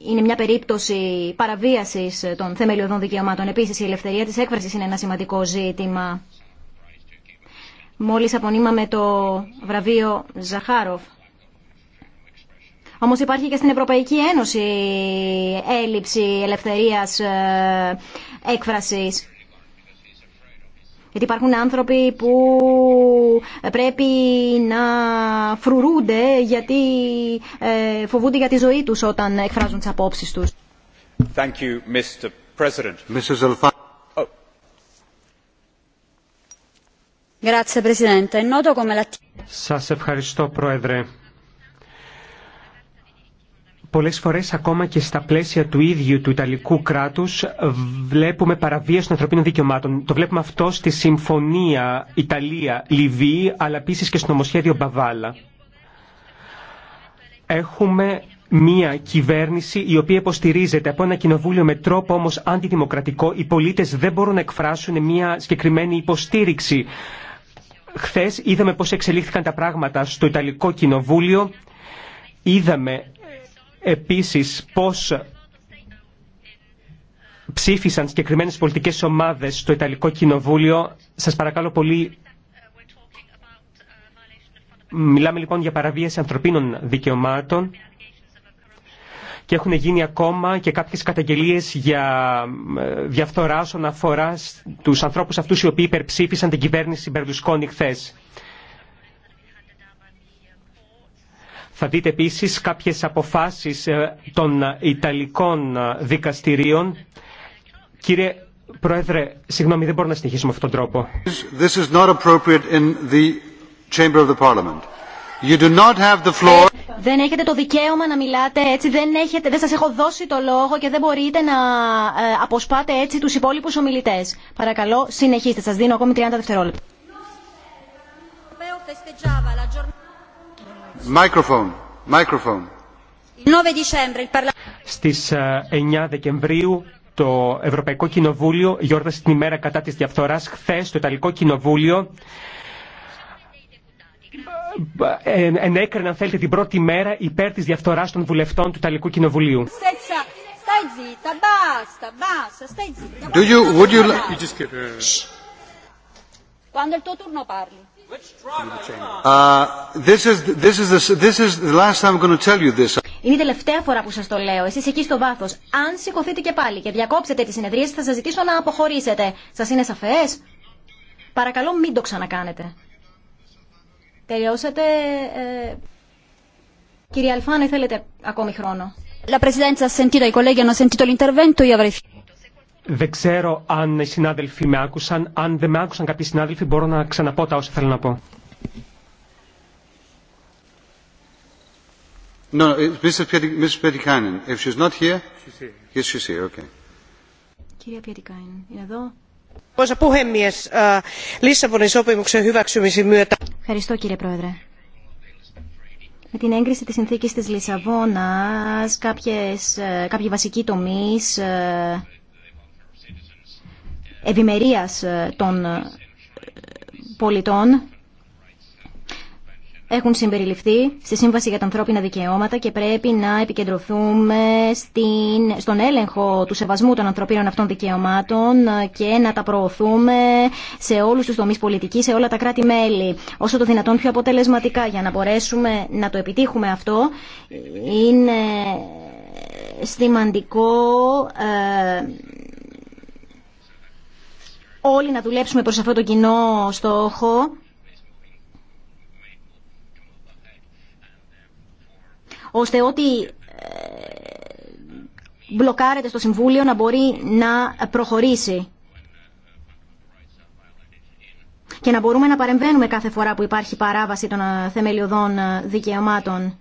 είναι μια περίπτωση παραβίασης των θεμελιωδών δικαιωμάτων. Επίση, η ελευθερία της έκφρασης είναι ένα σημαντικό ζήτημα. Μόλις απονείμαμε το βραβείο Ζαχάροφ. Όμω υπάρχει και στην Ευρωπαϊκή Ένωση έλλειψη ελευθερίας ε, έκφρασης. Γιατί υπάρχουν άνθρωποι που πρέπει να φρουρούνται γιατί ε, φοβούνται για τη ζωή τους όταν εκφράζουν τις απόψεις τους. Thank Σας ευχαριστώ, Πρόεδρε. Πολλές φορές ακόμα και στα πλαίσια του ίδιου του Ιταλικού κράτους βλέπουμε παραβίαση των ανθρωπίνων δικαιωμάτων. Το βλέπουμε αυτό στη Συμφωνία Ιταλία-Λιβύη αλλά επίση και στο νομοσχέδιο Μπαβάλα. Έχουμε μια κυβέρνηση η οποία υποστηρίζεται από ένα κοινοβούλιο με τρόπο όμως αντιδημοκρατικό. Οι πολίτες δεν μπορούν να εκφράσουν μια συγκεκριμένη υποστήριξη. Χθες είδαμε πώς εξελίχθηκαν τα πράγματα στο Ιταλικό Κοινοβούλιο. Είδαμε επίσης πώς ψήφισαν συγκεκριμένες πολιτικές ομάδες στο Ιταλικό Κοινοβούλιο. Σας παρακαλώ πολύ, μιλάμε λοιπόν για παραβίαση ανθρωπίνων δικαιωμάτων και έχουν γίνει ακόμα και κάποιες καταγγελίες για ε, διαφθορά όσον αφορά τους ανθρώπους αυτούς οι οποίοι υπερψήφισαν την κυβέρνηση Μπερδουσκόνη χθες. Θα δείτε επίσης κάποιες αποφάσεις ε, των ε, Ιταλικών ε, δικαστηρίων. Κύριε Πρόεδρε, συγγνώμη, δεν μπορώ να συνεχίσω με αυτόν τον τρόπο. Δεν έχετε το δικαίωμα να μιλάτε έτσι, δεν, έχετε, δεν σας έχω δώσει το λόγο και δεν μπορείτε να αποσπάτε έτσι τους υπόλοιπους ομιλητές. Παρακαλώ, συνεχίστε, σας δίνω ακόμη 30 δευτερόλεπτα. Στι Στις 9 eh, Δεκεμβρίου το Ευρωπαϊκό Κοινοβούλιο γιόρτασε την ημέρα κατά της διαφθοράς. Χθες το Ιταλικό Κοινοβούλιο ε, ενέκρινε, αν θέλετε, την πρώτη μέρα υπέρ της διαφθοράς των βουλευτών του Ιταλικού Κοινοβουλίου. Do you, would you... Είναι η τελευταία φορά που σας το λέω. Εσείς εκεί στο βάθος. Αν σηκωθείτε και πάλι και διακόψετε τη συνεδρίαση θα σας ζητήσω να αποχωρήσετε. Σας είναι σαφές. Παρακαλώ μην το ξανακάνετε. Τελειώσατε. κύρια ε, Κύριε Αλφάνη, θέλετε ακόμη χρόνο. La Presidenza ha sentito, i colleghi hanno sentito l'intervento, io avrei... Δεν ξέρω αν οι συνάδελφοι με άκουσαν. Αν δεν με άκουσαν κάποιοι συνάδελφοι μπορώ να ξαναπώ τα όσα θέλω να πω. No, Mr. Eh, Mrs. Pietikainen, if she's not here, she's here. Yes, she's here, okay. Κυρία Πιετικάιν, είναι εδώ. Arvoisa puhemies, ε, Lissabonin sopimuksen hyväksymisen myötä... Ευχαριστώ κύριε Πρόεδρε. Με την έγκριση της συνθήκης της Λισαβόνας, κάποιες, ε, κάποιοι βασικοί τομείς ε, ευημερίας ε, των ε, πολιτών έχουν συμπεριληφθεί στη Σύμβαση για τα Ανθρώπινα Δικαιώματα και πρέπει να επικεντρωθούμε στην, στον έλεγχο του σεβασμού των ανθρωπίνων αυτών δικαιωμάτων ε, και να τα προωθούμε σε όλους τους τομείς πολιτικής, σε όλα τα κράτη-μέλη, όσο το δυνατόν πιο αποτελεσματικά για να μπορέσουμε να το επιτύχουμε αυτό. Είναι σημαντικό όλοι να δουλέψουμε προς αυτό το κοινό στόχο. ώστε ό,τι ε, μπλοκάρεται στο Συμβούλιο να μπορεί να προχωρήσει και να μπορούμε να παρεμβαίνουμε κάθε φορά που υπάρχει παράβαση των ε, θεμελιωδών ε, δικαιωμάτων.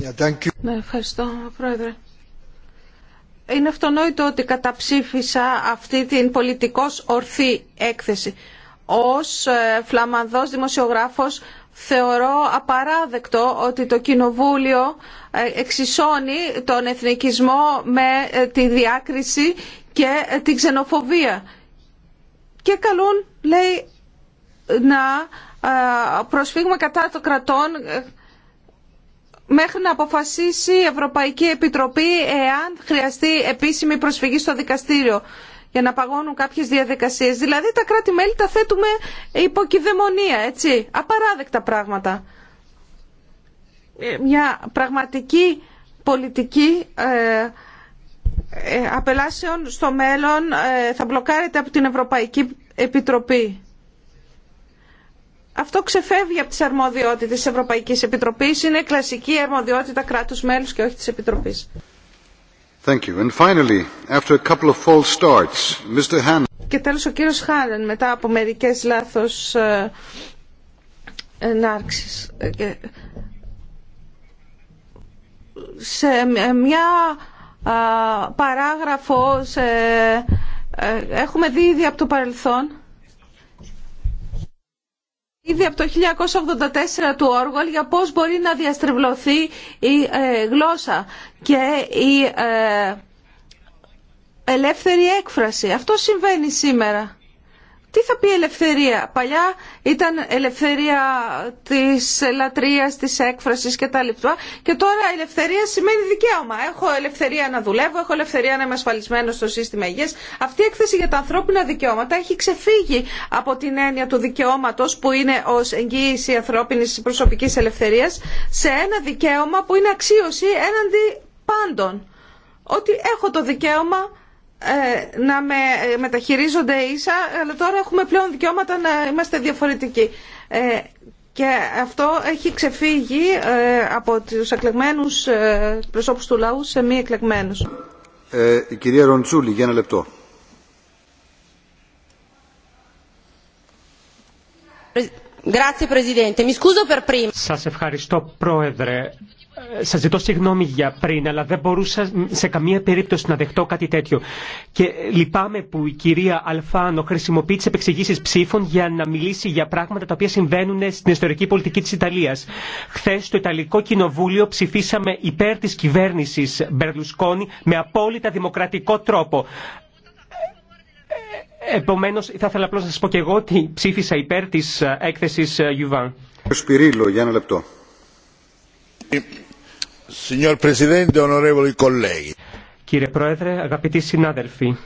Yeah, thank you. Ναι, ευχαριστώ, Πρόεδρε είναι αυτονόητο ότι καταψήφισα αυτή την πολιτικός ορθή έκθεση. Ως ε, φλαμανδός δημοσιογράφος θεωρώ απαράδεκτο ότι το Κοινοβούλιο ε, εξισώνει τον εθνικισμό με ε, τη διάκριση και την ξενοφοβία. Και καλούν, λέει, να προσφύγουμε κατά των κρατών μέχρι να αποφασίσει η Ευρωπαϊκή Επιτροπή εάν χρειαστεί επίσημη προσφυγή στο δικαστήριο για να παγώνουν κάποιες διαδικασίες. Δηλαδή τα κράτη-μέλη τα θέτουμε υποκυδαιμονία, έτσι, απαράδεκτα πράγματα. Ε, μια πραγματική πολιτική ε, ε, απελάσεων στο μέλλον θα μπλοκάρεται από την Ευρωπαϊκή Επιτροπή. Αυτό ξεφεύγει από τι αρμοδιότητε τη Ευρωπαϊκής Επιτροπής. Είναι κλασική αρμοδιότητα κράτου μέλους και όχι της Επιτροπής. Και τέλος ο κύριος Χάνεν μετά από μερικές λάθος ε, ε, σε μια παράγραφο ε, έχουμε δει ήδη από το παρελθόν ήδη από το 1984 του Όργολ για πώς μπορεί να διαστρεβλωθεί η ε, γλώσσα και η ε, ελεύθερη έκφραση. Αυτό συμβαίνει σήμερα. Τι θα πει ελευθερία. Παλιά ήταν ελευθερία της λατρείας, της έκφρασης και τα λοιπά. Και τώρα ελευθερία σημαίνει δικαίωμα. Έχω ελευθερία να δουλεύω, έχω ελευθερία να είμαι ασφαλισμένο στο σύστημα υγείας. Αυτή η έκθεση για τα ανθρώπινα δικαιώματα έχει ξεφύγει από την έννοια του δικαιώματος που είναι ως εγγύηση ανθρώπινης προσωπικής ελευθερίας σε ένα δικαίωμα που είναι αξίωση έναντι πάντων. Ότι έχω το δικαίωμα ε, να με ε, μεταχειρίζονται ίσα, αλλά τώρα έχουμε πλέον δικαιώματα να είμαστε διαφορετικοί. Ε, και αυτό έχει ξεφύγει από τους εκλεγμένους προσώπους του λαού σε μη εκλεγμένους. Ε, η κυρία Ροντσούλη, για ένα λεπτό. Σας ευχαριστώ, Πρόεδρε. Ε, σα ζητώ συγγνώμη για πριν, αλλά δεν μπορούσα σε καμία περίπτωση να δεχτώ κάτι τέτοιο. Και λυπάμαι που η κυρία Αλφάνο χρησιμοποιεί τι επεξηγήσει ψήφων για να μιλήσει για πράγματα τα οποία συμβαίνουν στην ιστορική πολιτική τη Ιταλία. Χθε στο Ιταλικό Κοινοβούλιο ψηφίσαμε υπέρ τη κυβέρνηση Μπερλουσκόνη με απόλυτα δημοκρατικό τρόπο. Ε, Επομένω, θα ήθελα απλώ να σα πω και εγώ ότι ψήφισα υπέρ τη ε, έκθεση Γιουβάν. για ένα λεπτό. Κύριε Πρόεδρε, αγαπητοί συνάδελφοι,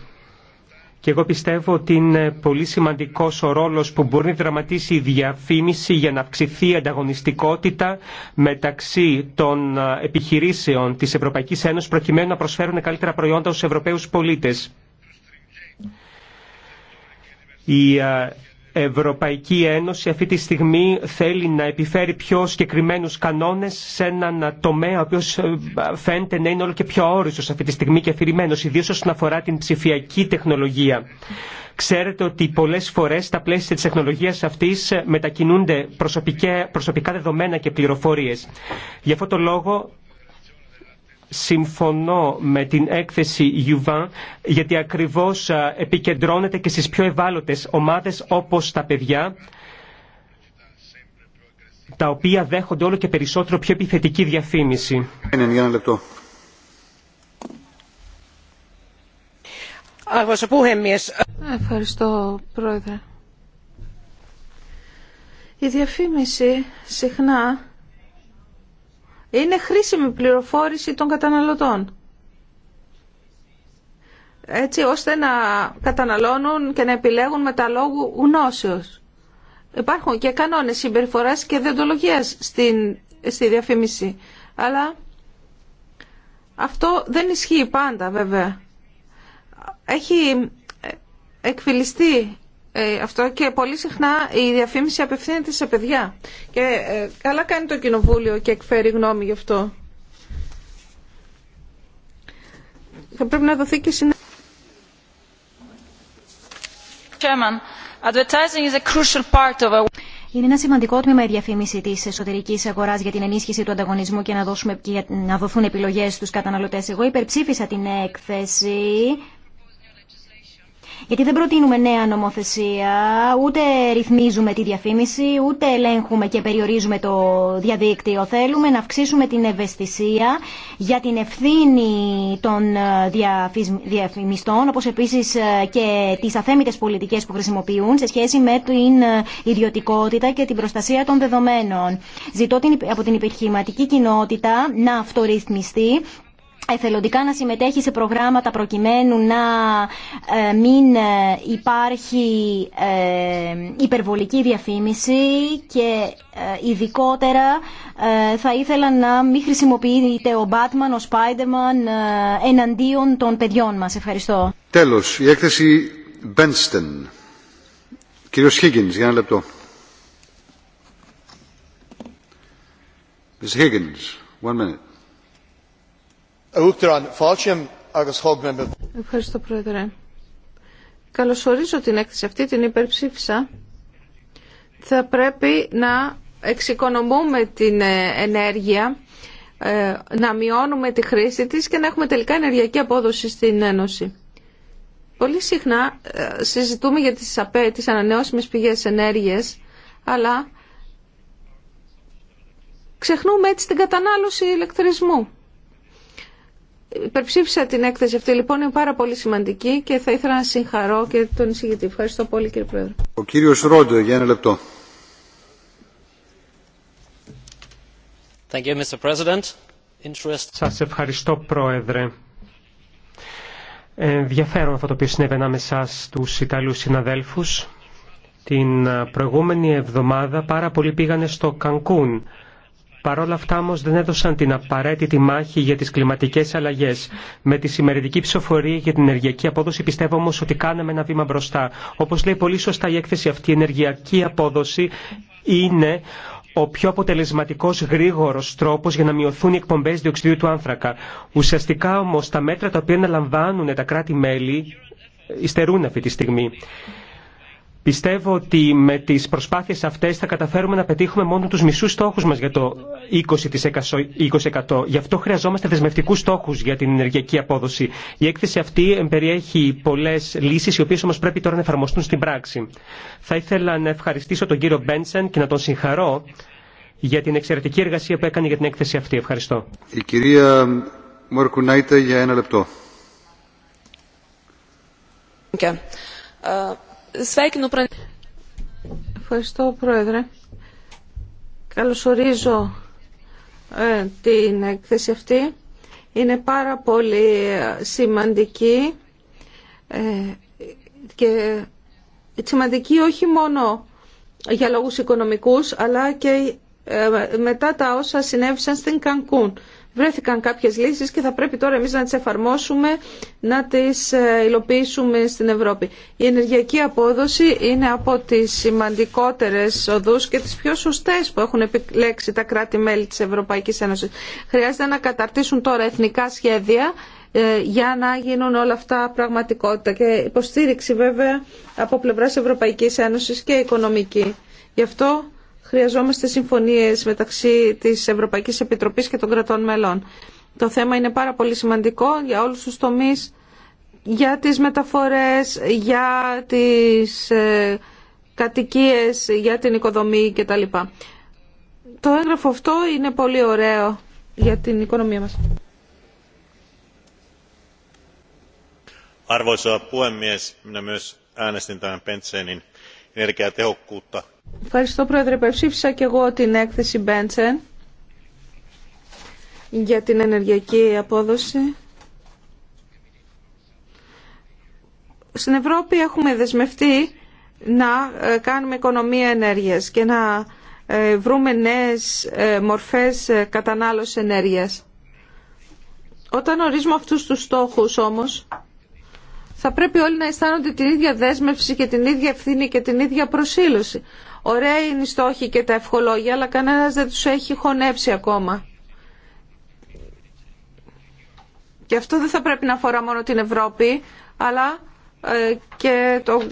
και εγώ πιστεύω ότι είναι πολύ σημαντικό ο ρόλο που μπορεί να δραματίσει η διαφήμιση για να αυξηθεί η ανταγωνιστικότητα μεταξύ των επιχειρήσεων τη Ευρωπαϊκή Ένωση προκειμένου να προσφέρουν καλύτερα προϊόντα στους Ευρωπαίου πολίτε. Η Ευρωπαϊκή Ένωση αυτή τη στιγμή θέλει να επιφέρει πιο συγκεκριμένους κανόνες σε έναν τομέα ο οποίος ε, φαίνεται να είναι όλο και πιο όριστος αυτή τη στιγμή και αφηρημένος, ιδίως όσον αφορά την ψηφιακή τεχνολογία. Ξέρετε ότι πολλές φορές στα πλαίσια της τεχνολογίας αυτής μετακινούνται προσωπικά δεδομένα και πληροφορίες. Γι' αυτό το λόγο συμφωνώ με την έκθεση Γιουβάν γιατί ακριβώς επικεντρώνεται και στις πιο ευάλωτες ομάδες όπως τα παιδιά τα οποία δέχονται όλο και περισσότερο πιο επιθετική διαφήμιση. Είναι, για ένα λεπτό. Ευχαριστώ, Πρόεδρε. Η διαφήμιση συχνά είναι χρήσιμη πληροφόρηση των καταναλωτών έτσι ώστε να καταναλώνουν και να επιλέγουν με τα λόγου γνώσεως. Υπάρχουν και κανόνες συμπεριφοράς και διοντολογίας στην, στη διαφήμιση. Αλλά αυτό δεν ισχύει πάντα βέβαια. Έχει ε, εκφυλιστεί ε, αυτό και πολύ συχνά η διαφήμιση απευθύνεται σε παιδιά. Και ε, καλά κάνει το κοινοβούλιο και εκφέρει γνώμη γι' αυτό. Θα πρέπει να δοθεί και συνέχεια. Είναι ένα σημαντικό τμήμα η διαφήμιση τη εσωτερική αγορά για την ενίσχυση του ανταγωνισμού και να, δώσουμε, να δοθούν επιλογέ στου καταναλωτέ. Εγώ υπερψήφισα την έκθεση γιατί δεν προτείνουμε νέα νομοθεσία, ούτε ρυθμίζουμε τη διαφήμιση, ούτε ελέγχουμε και περιορίζουμε το διαδίκτυο. Θέλουμε να αυξήσουμε την ευαισθησία για την ευθύνη των ε, διαφημιστών, όπως επίσης ε, και τις αθέμητες πολιτικές που χρησιμοποιούν σε σχέση με την ε, ιδιωτικότητα και την προστασία των δεδομένων. Ζητώ από την επιχειρηματική κοινότητα να αυτορυθμιστεί εθελοντικά να συμμετέχει σε προγράμματα προκειμένου να ε, μην ε, υπάρχει ε, υπερβολική διαφήμιση και ειδικότερα θα ήθελα να μην χρησιμοποιείται ο Batman, ο Spiderman εναντίον των παιδιών μας. Ευχαριστώ. Τέλος, η έκθεση Μπένστεν. Κύριος Higgins, για ένα λεπτό. one minute. Ευχαριστώ, Πρόεδρε. Καλωσορίζω την έκθεση αυτή, την υπερψήφισα. Θα πρέπει να εξοικονομούμε την ε, ενέργεια, ε, να μειώνουμε τη χρήση της και να έχουμε τελικά ενεργειακή απόδοση στην Ένωση. Πολύ συχνά ε, συζητούμε για τις ΑΠΕ, ανανεώσιμες πηγές ενέργειας, αλλά ξεχνούμε έτσι την κατανάλωση ηλεκτρισμού. Υπερψήφισα την έκθεση αυτή, λοιπόν, είναι πάρα πολύ σημαντική και θα ήθελα να συγχαρώ και τον εισηγητή. Ευχαριστώ πολύ, κύριε Πρόεδρε. Ο κύριος Ρόντο, για ένα λεπτό. Thank you, Mr. President. Σας ευχαριστώ, Πρόεδρε. Ενδιαφέρον αυτό το οποίο με εσάς τους Ιταλούς συναδέλφους. Την προηγούμενη εβδομάδα πάρα πολλοί πήγανε στο Κανκούν Παρόλα αυτά όμως δεν έδωσαν την απαραίτητη μάχη για τις κλιματικές αλλαγές. Με τη σημερινή ψηφοφορία για την ενεργειακή απόδοση πιστεύω όμως ότι κάναμε ένα βήμα μπροστά. Όπως λέει πολύ σωστά η έκθεση αυτή, η ενεργειακή απόδοση είναι ο πιο αποτελεσματικό γρήγορο τρόπο για να μειωθούν οι εκπομπέ διοξιδίου του άνθρακα. Ουσιαστικά όμω τα μέτρα τα οποία αναλαμβάνουν τα κράτη-μέλη υστερούν αυτή τη στιγμή. Πιστεύω ότι με τι προσπάθειε αυτέ θα καταφέρουμε να πετύχουμε μόνο του μισού στόχου μα για το 20%. 20%. Γι' αυτό χρειαζόμαστε δεσμευτικού στόχου για την ενεργειακή απόδοση. Η έκθεση αυτή περιέχει πολλέ λύσει, οι οποίε όμω πρέπει τώρα να εφαρμοστούν στην πράξη. Θα ήθελα να ευχαριστήσω τον κύριο Μπένσεν και να τον συγχαρώ για την εξαιρετική εργασία που έκανε για την έκθεση αυτή. Ευχαριστώ. Η κυρία Νάιτε για ένα λεπτό. Okay. Uh... Ευχαριστώ, Πρόεδρε. Καλωσορίζω ε, την έκθεση αυτή. Είναι πάρα πολύ ε, σημαντική ε, και σημαντική όχι μόνο για λόγους οικονομικούς αλλά και μετά τα όσα συνέβησαν στην Κανκούν βρέθηκαν κάποιες λύσεις και θα πρέπει τώρα εμείς να τις εφαρμόσουμε, να τις ε, υλοποιήσουμε στην Ευρώπη. Η ενεργειακή απόδοση είναι από τις σημαντικότερες οδούς και τις πιο σωστές που έχουν επιλέξει τα κράτη-μέλη της Ευρωπαϊκής Ένωσης. Χρειάζεται να καταρτήσουν τώρα εθνικά σχέδια ε, για να γίνουν όλα αυτά πραγματικότητα και υποστήριξη βέβαια από πλευράς Ευρωπαϊκής Ένωσης και οικονομική. Γι' αυτό χρειαζόμαστε συμφωνίες μεταξύ της Ευρωπαϊκής Επιτροπής και των κρατών μελών. Το θέμα είναι πάρα πολύ σημαντικό για όλους τους τομείς, για τις μεταφορές, για τις ε, κατοικίες, για την οικοδομή κτλ. Το έγγραφο αυτό είναι πολύ ωραίο για την οικονομία μας. Arvoisa puhemies, minä myös äänestin tämän Pentsenin energiatehokkuutta Ευχαριστώ Πρόεδρε. Υπερψήφισα και εγώ την έκθεση Μπέντσεν για την ενεργειακή απόδοση. Στην Ευρώπη έχουμε δεσμευτεί να ε, κάνουμε οικονομία ενέργειας και να ε, βρούμε νέες ε, μορφές κατανάλωσης ενέργειας. Όταν ορίζουμε αυτούς τους στόχους όμως, θα πρέπει όλοι να αισθάνονται την ίδια δέσμευση και την ίδια ευθύνη και την ίδια προσήλωση. Ωραία είναι οι στόχοι και τα ευχολόγια, αλλά κανένας δεν τους έχει χωνέψει ακόμα. Και αυτό δεν θα πρέπει να αφορά μόνο την Ευρώπη, αλλά ε, και τον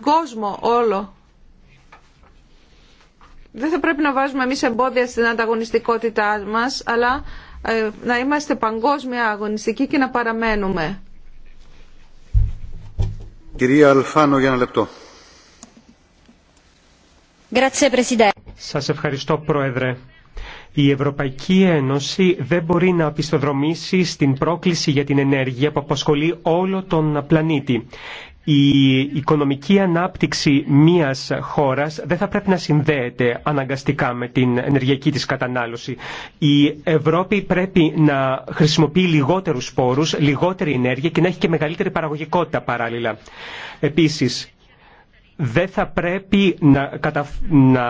κόσμο όλο. Δεν θα πρέπει να βάζουμε εμείς εμπόδια στην ανταγωνιστικότητά μας, αλλά ε, να είμαστε παγκόσμια αγωνιστικοί και να παραμένουμε. Κυρία Αλφάνο, για ένα λεπτό. Σας ευχαριστώ Πρόεδρε. Η Ευρωπαϊκή Ένωση δεν μπορεί να πιστοδρομήσει στην πρόκληση για την ενέργεια που απασχολεί όλο τον πλανήτη. Η οικονομική ανάπτυξη μιας χώρας δεν θα πρέπει να συνδέεται αναγκαστικά με την ενεργειακή της κατανάλωση. Η Ευρώπη πρέπει να χρησιμοποιεί λιγότερους πόρους, λιγότερη ενέργεια και να έχει και μεγαλύτερη παραγωγικότητα παράλληλα. Επίσης, δεν θα πρέπει να, κατα... να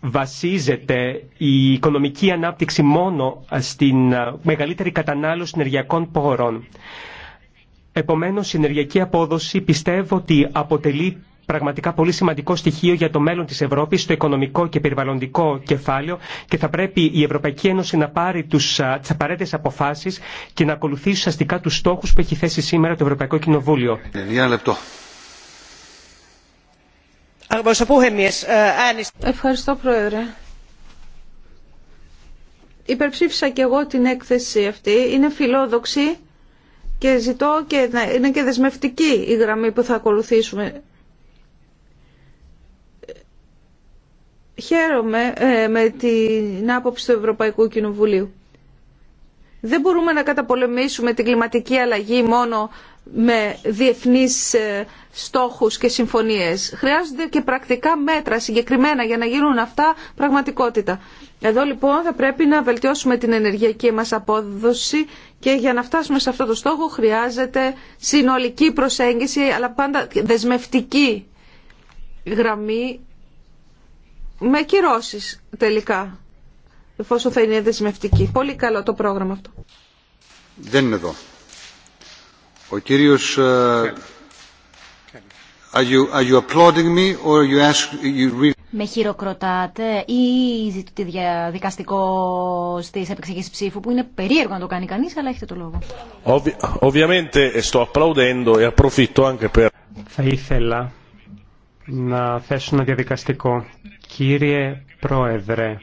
βασίζεται η οικονομική ανάπτυξη μόνο στην ε, μεγαλύτερη κατανάλωση ενεργειακών πόρων. Επομένως, η ενεργειακή απόδοση πιστεύω ότι αποτελεί πραγματικά πολύ σημαντικό στοιχείο για το μέλλον της Ευρώπης στο οικονομικό και περιβαλλοντικό κεφάλαιο και θα πρέπει η Ευρωπαϊκή Ένωση να πάρει τους, ε, τις απαραίτητες αποφάσεις και να ακολουθήσει ουσιαστικά τους στόχους που έχει θέσει σήμερα το Ευρωπαϊκό Κοινοβούλιο. Ευχαριστώ Πρόεδρε. Υπερψήφισα και εγώ την έκθεση αυτή. Είναι φιλόδοξη και ζητώ και είναι και δεσμευτική η γραμμή που θα ακολουθήσουμε. Χαίρομαι ε, με την άποψη του Ευρωπαϊκού Κοινοβουλίου. Δεν μπορούμε να καταπολεμήσουμε την κλιματική αλλαγή μόνο με διεθνείς ε, στόχους και συμφωνίες. Χρειάζονται και πρακτικά μέτρα συγκεκριμένα για να γίνουν αυτά πραγματικότητα. Εδώ λοιπόν θα πρέπει να βελτιώσουμε την ενεργειακή μας απόδοση και για να φτάσουμε σε αυτό το στόχο χρειάζεται συνολική προσέγγιση αλλά πάντα δεσμευτική γραμμή με κυρώσεις τελικά εφόσον θα είναι δεσμευτική. Πολύ καλό το πρόγραμμα αυτό. Δεν είναι εδώ. Ο κύριος... Ε, are you, are you applauding me or you ask, you... Με χειροκροτάτε ή ζητείτε διαδικαστικό στι επεξηγήσει ψήφου που είναι περίεργο να το κάνει κανεί, αλλά έχετε το λόγο. E Θα ήθελα να θέσω ένα διαδικαστικό. Κύριε Πρόεδρε,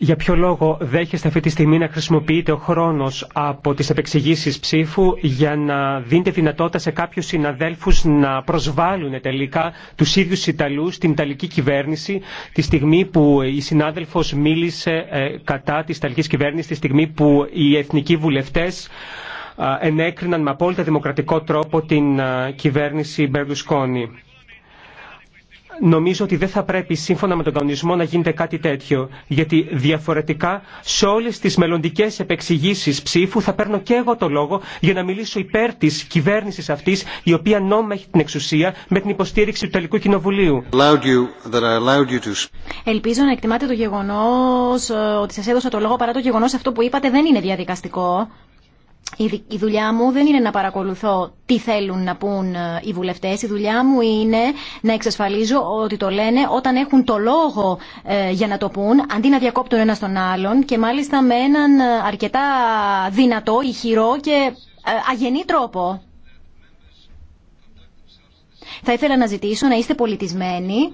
για ποιο λόγο δέχεστε αυτή τη στιγμή να χρησιμοποιείτε ο χρόνος από τις επεξηγήσει ψήφου για να δίνετε δυνατότητα σε κάποιους συναδέλφου να προσβάλλουν τελικά τους ίδιου Ιταλούς, την Ιταλική κυβέρνηση, τη στιγμή που η Συνάδελφο μίλησε ε, κατά τη Ιταλικής κυβέρνησης, τη στιγμή που οι εθνικοί βουλευτές ε, ενέκριναν με απόλυτα δημοκρατικό τρόπο την ε, κυβέρνηση Μπερλουσκόνη νομίζω ότι δεν θα πρέπει σύμφωνα με τον κανονισμό να γίνεται κάτι τέτοιο. Γιατί διαφορετικά σε όλε τι μελλοντικέ επεξηγήσει ψήφου θα παίρνω και εγώ το λόγο για να μιλήσω υπέρ τη κυβέρνηση αυτή η οποία νόμιμα έχει την εξουσία με την υποστήριξη του τελικού κοινοβουλίου. Ελπίζω να εκτιμάτε το γεγονό ε, ότι σα έδωσα το λόγο παρά το γεγονό αυτό που είπατε δεν είναι διαδικαστικό η δουλειά μου δεν είναι να παρακολουθώ τι θέλουν να πούν ε, οι βουλευτές. Η δουλειά μου είναι να εξασφαλίζω ότι το λένε όταν έχουν το λόγο ε, για να το πούν, αντί να διακόπτουν ένα τον άλλον και μάλιστα με έναν ε, αρκετά δυνατό, ηχηρό και αγενή τρόπο. Θα ήθελα να ζητήσω να είστε πολιτισμένοι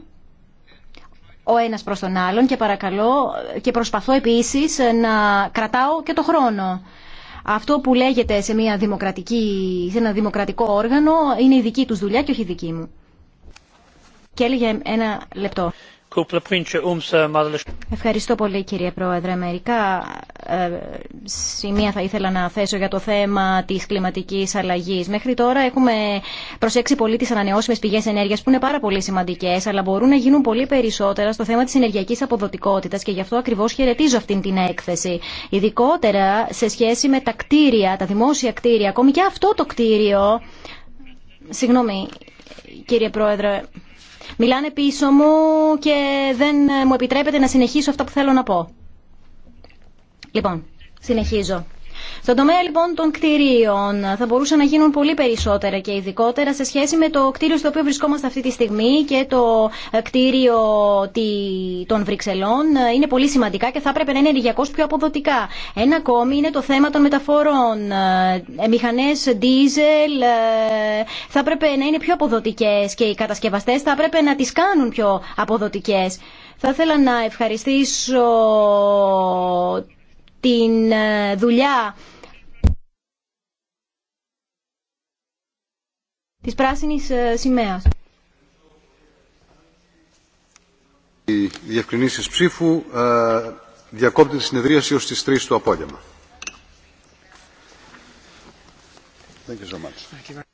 ο ένας προς τον άλλον και παρακαλώ και προσπαθώ επίσης να κρατάω και το χρόνο αυτό που λέγεται σε, μια δημοκρατική, ένα δημοκρατικό όργανο είναι η δική τους δουλειά και όχι η δική μου. Και έλεγε ένα λεπτό. Ευχαριστώ πολύ κύριε Πρόεδρε. Μερικά ε, σημεία θα ήθελα να θέσω για το θέμα της κλιματικής αλλαγής. Μέχρι τώρα έχουμε προσέξει πολύ τις ανανεώσιμες πηγές ενέργειας που είναι πάρα πολύ σημαντικές αλλά μπορούν να γίνουν πολύ περισσότερα στο θέμα της ενεργειακής αποδοτικότητας και γι' αυτό ακριβώς χαιρετίζω αυτήν την έκθεση. Ειδικότερα σε σχέση με τα κτίρια, τα δημόσια κτίρια, ακόμη και αυτό το κτίριο. Συγγνώμη κύριε Πρόεδρε, Μιλάνε πίσω μου και δεν ε, μου επιτρέπεται να συνεχίσω αυτό που θέλω να πω. Λοιπόν, συνεχίζω. Στον τομέα λοιπόν των κτηρίων θα μπορούσαν να γίνουν πολύ περισσότερα και ειδικότερα σε σχέση με το κτίριο στο οποίο βρισκόμαστε αυτή τη στιγμή και το ε, κτίριο των Βρυξελών. Ε, είναι πολύ σημαντικά και θα έπρεπε να είναι ενεργειακώ πιο αποδοτικά. Ένα ακόμη είναι το θέμα των μεταφορών. Ε, Μηχανέ δίζελ θα έπρεπε να είναι πιο αποδοτικέ και οι κατασκευαστέ θα έπρεπε να τι κάνουν πιο αποδοτικέ. Θα ήθελα να ευχαριστήσω την ε, δουλειά της πράσινης ε, σημαίας. Οι διευκρινήσεις ψήφου ε, διακόπτει τη συνεδρίαση ως τις 3 το απόγευμα. Thank you so much.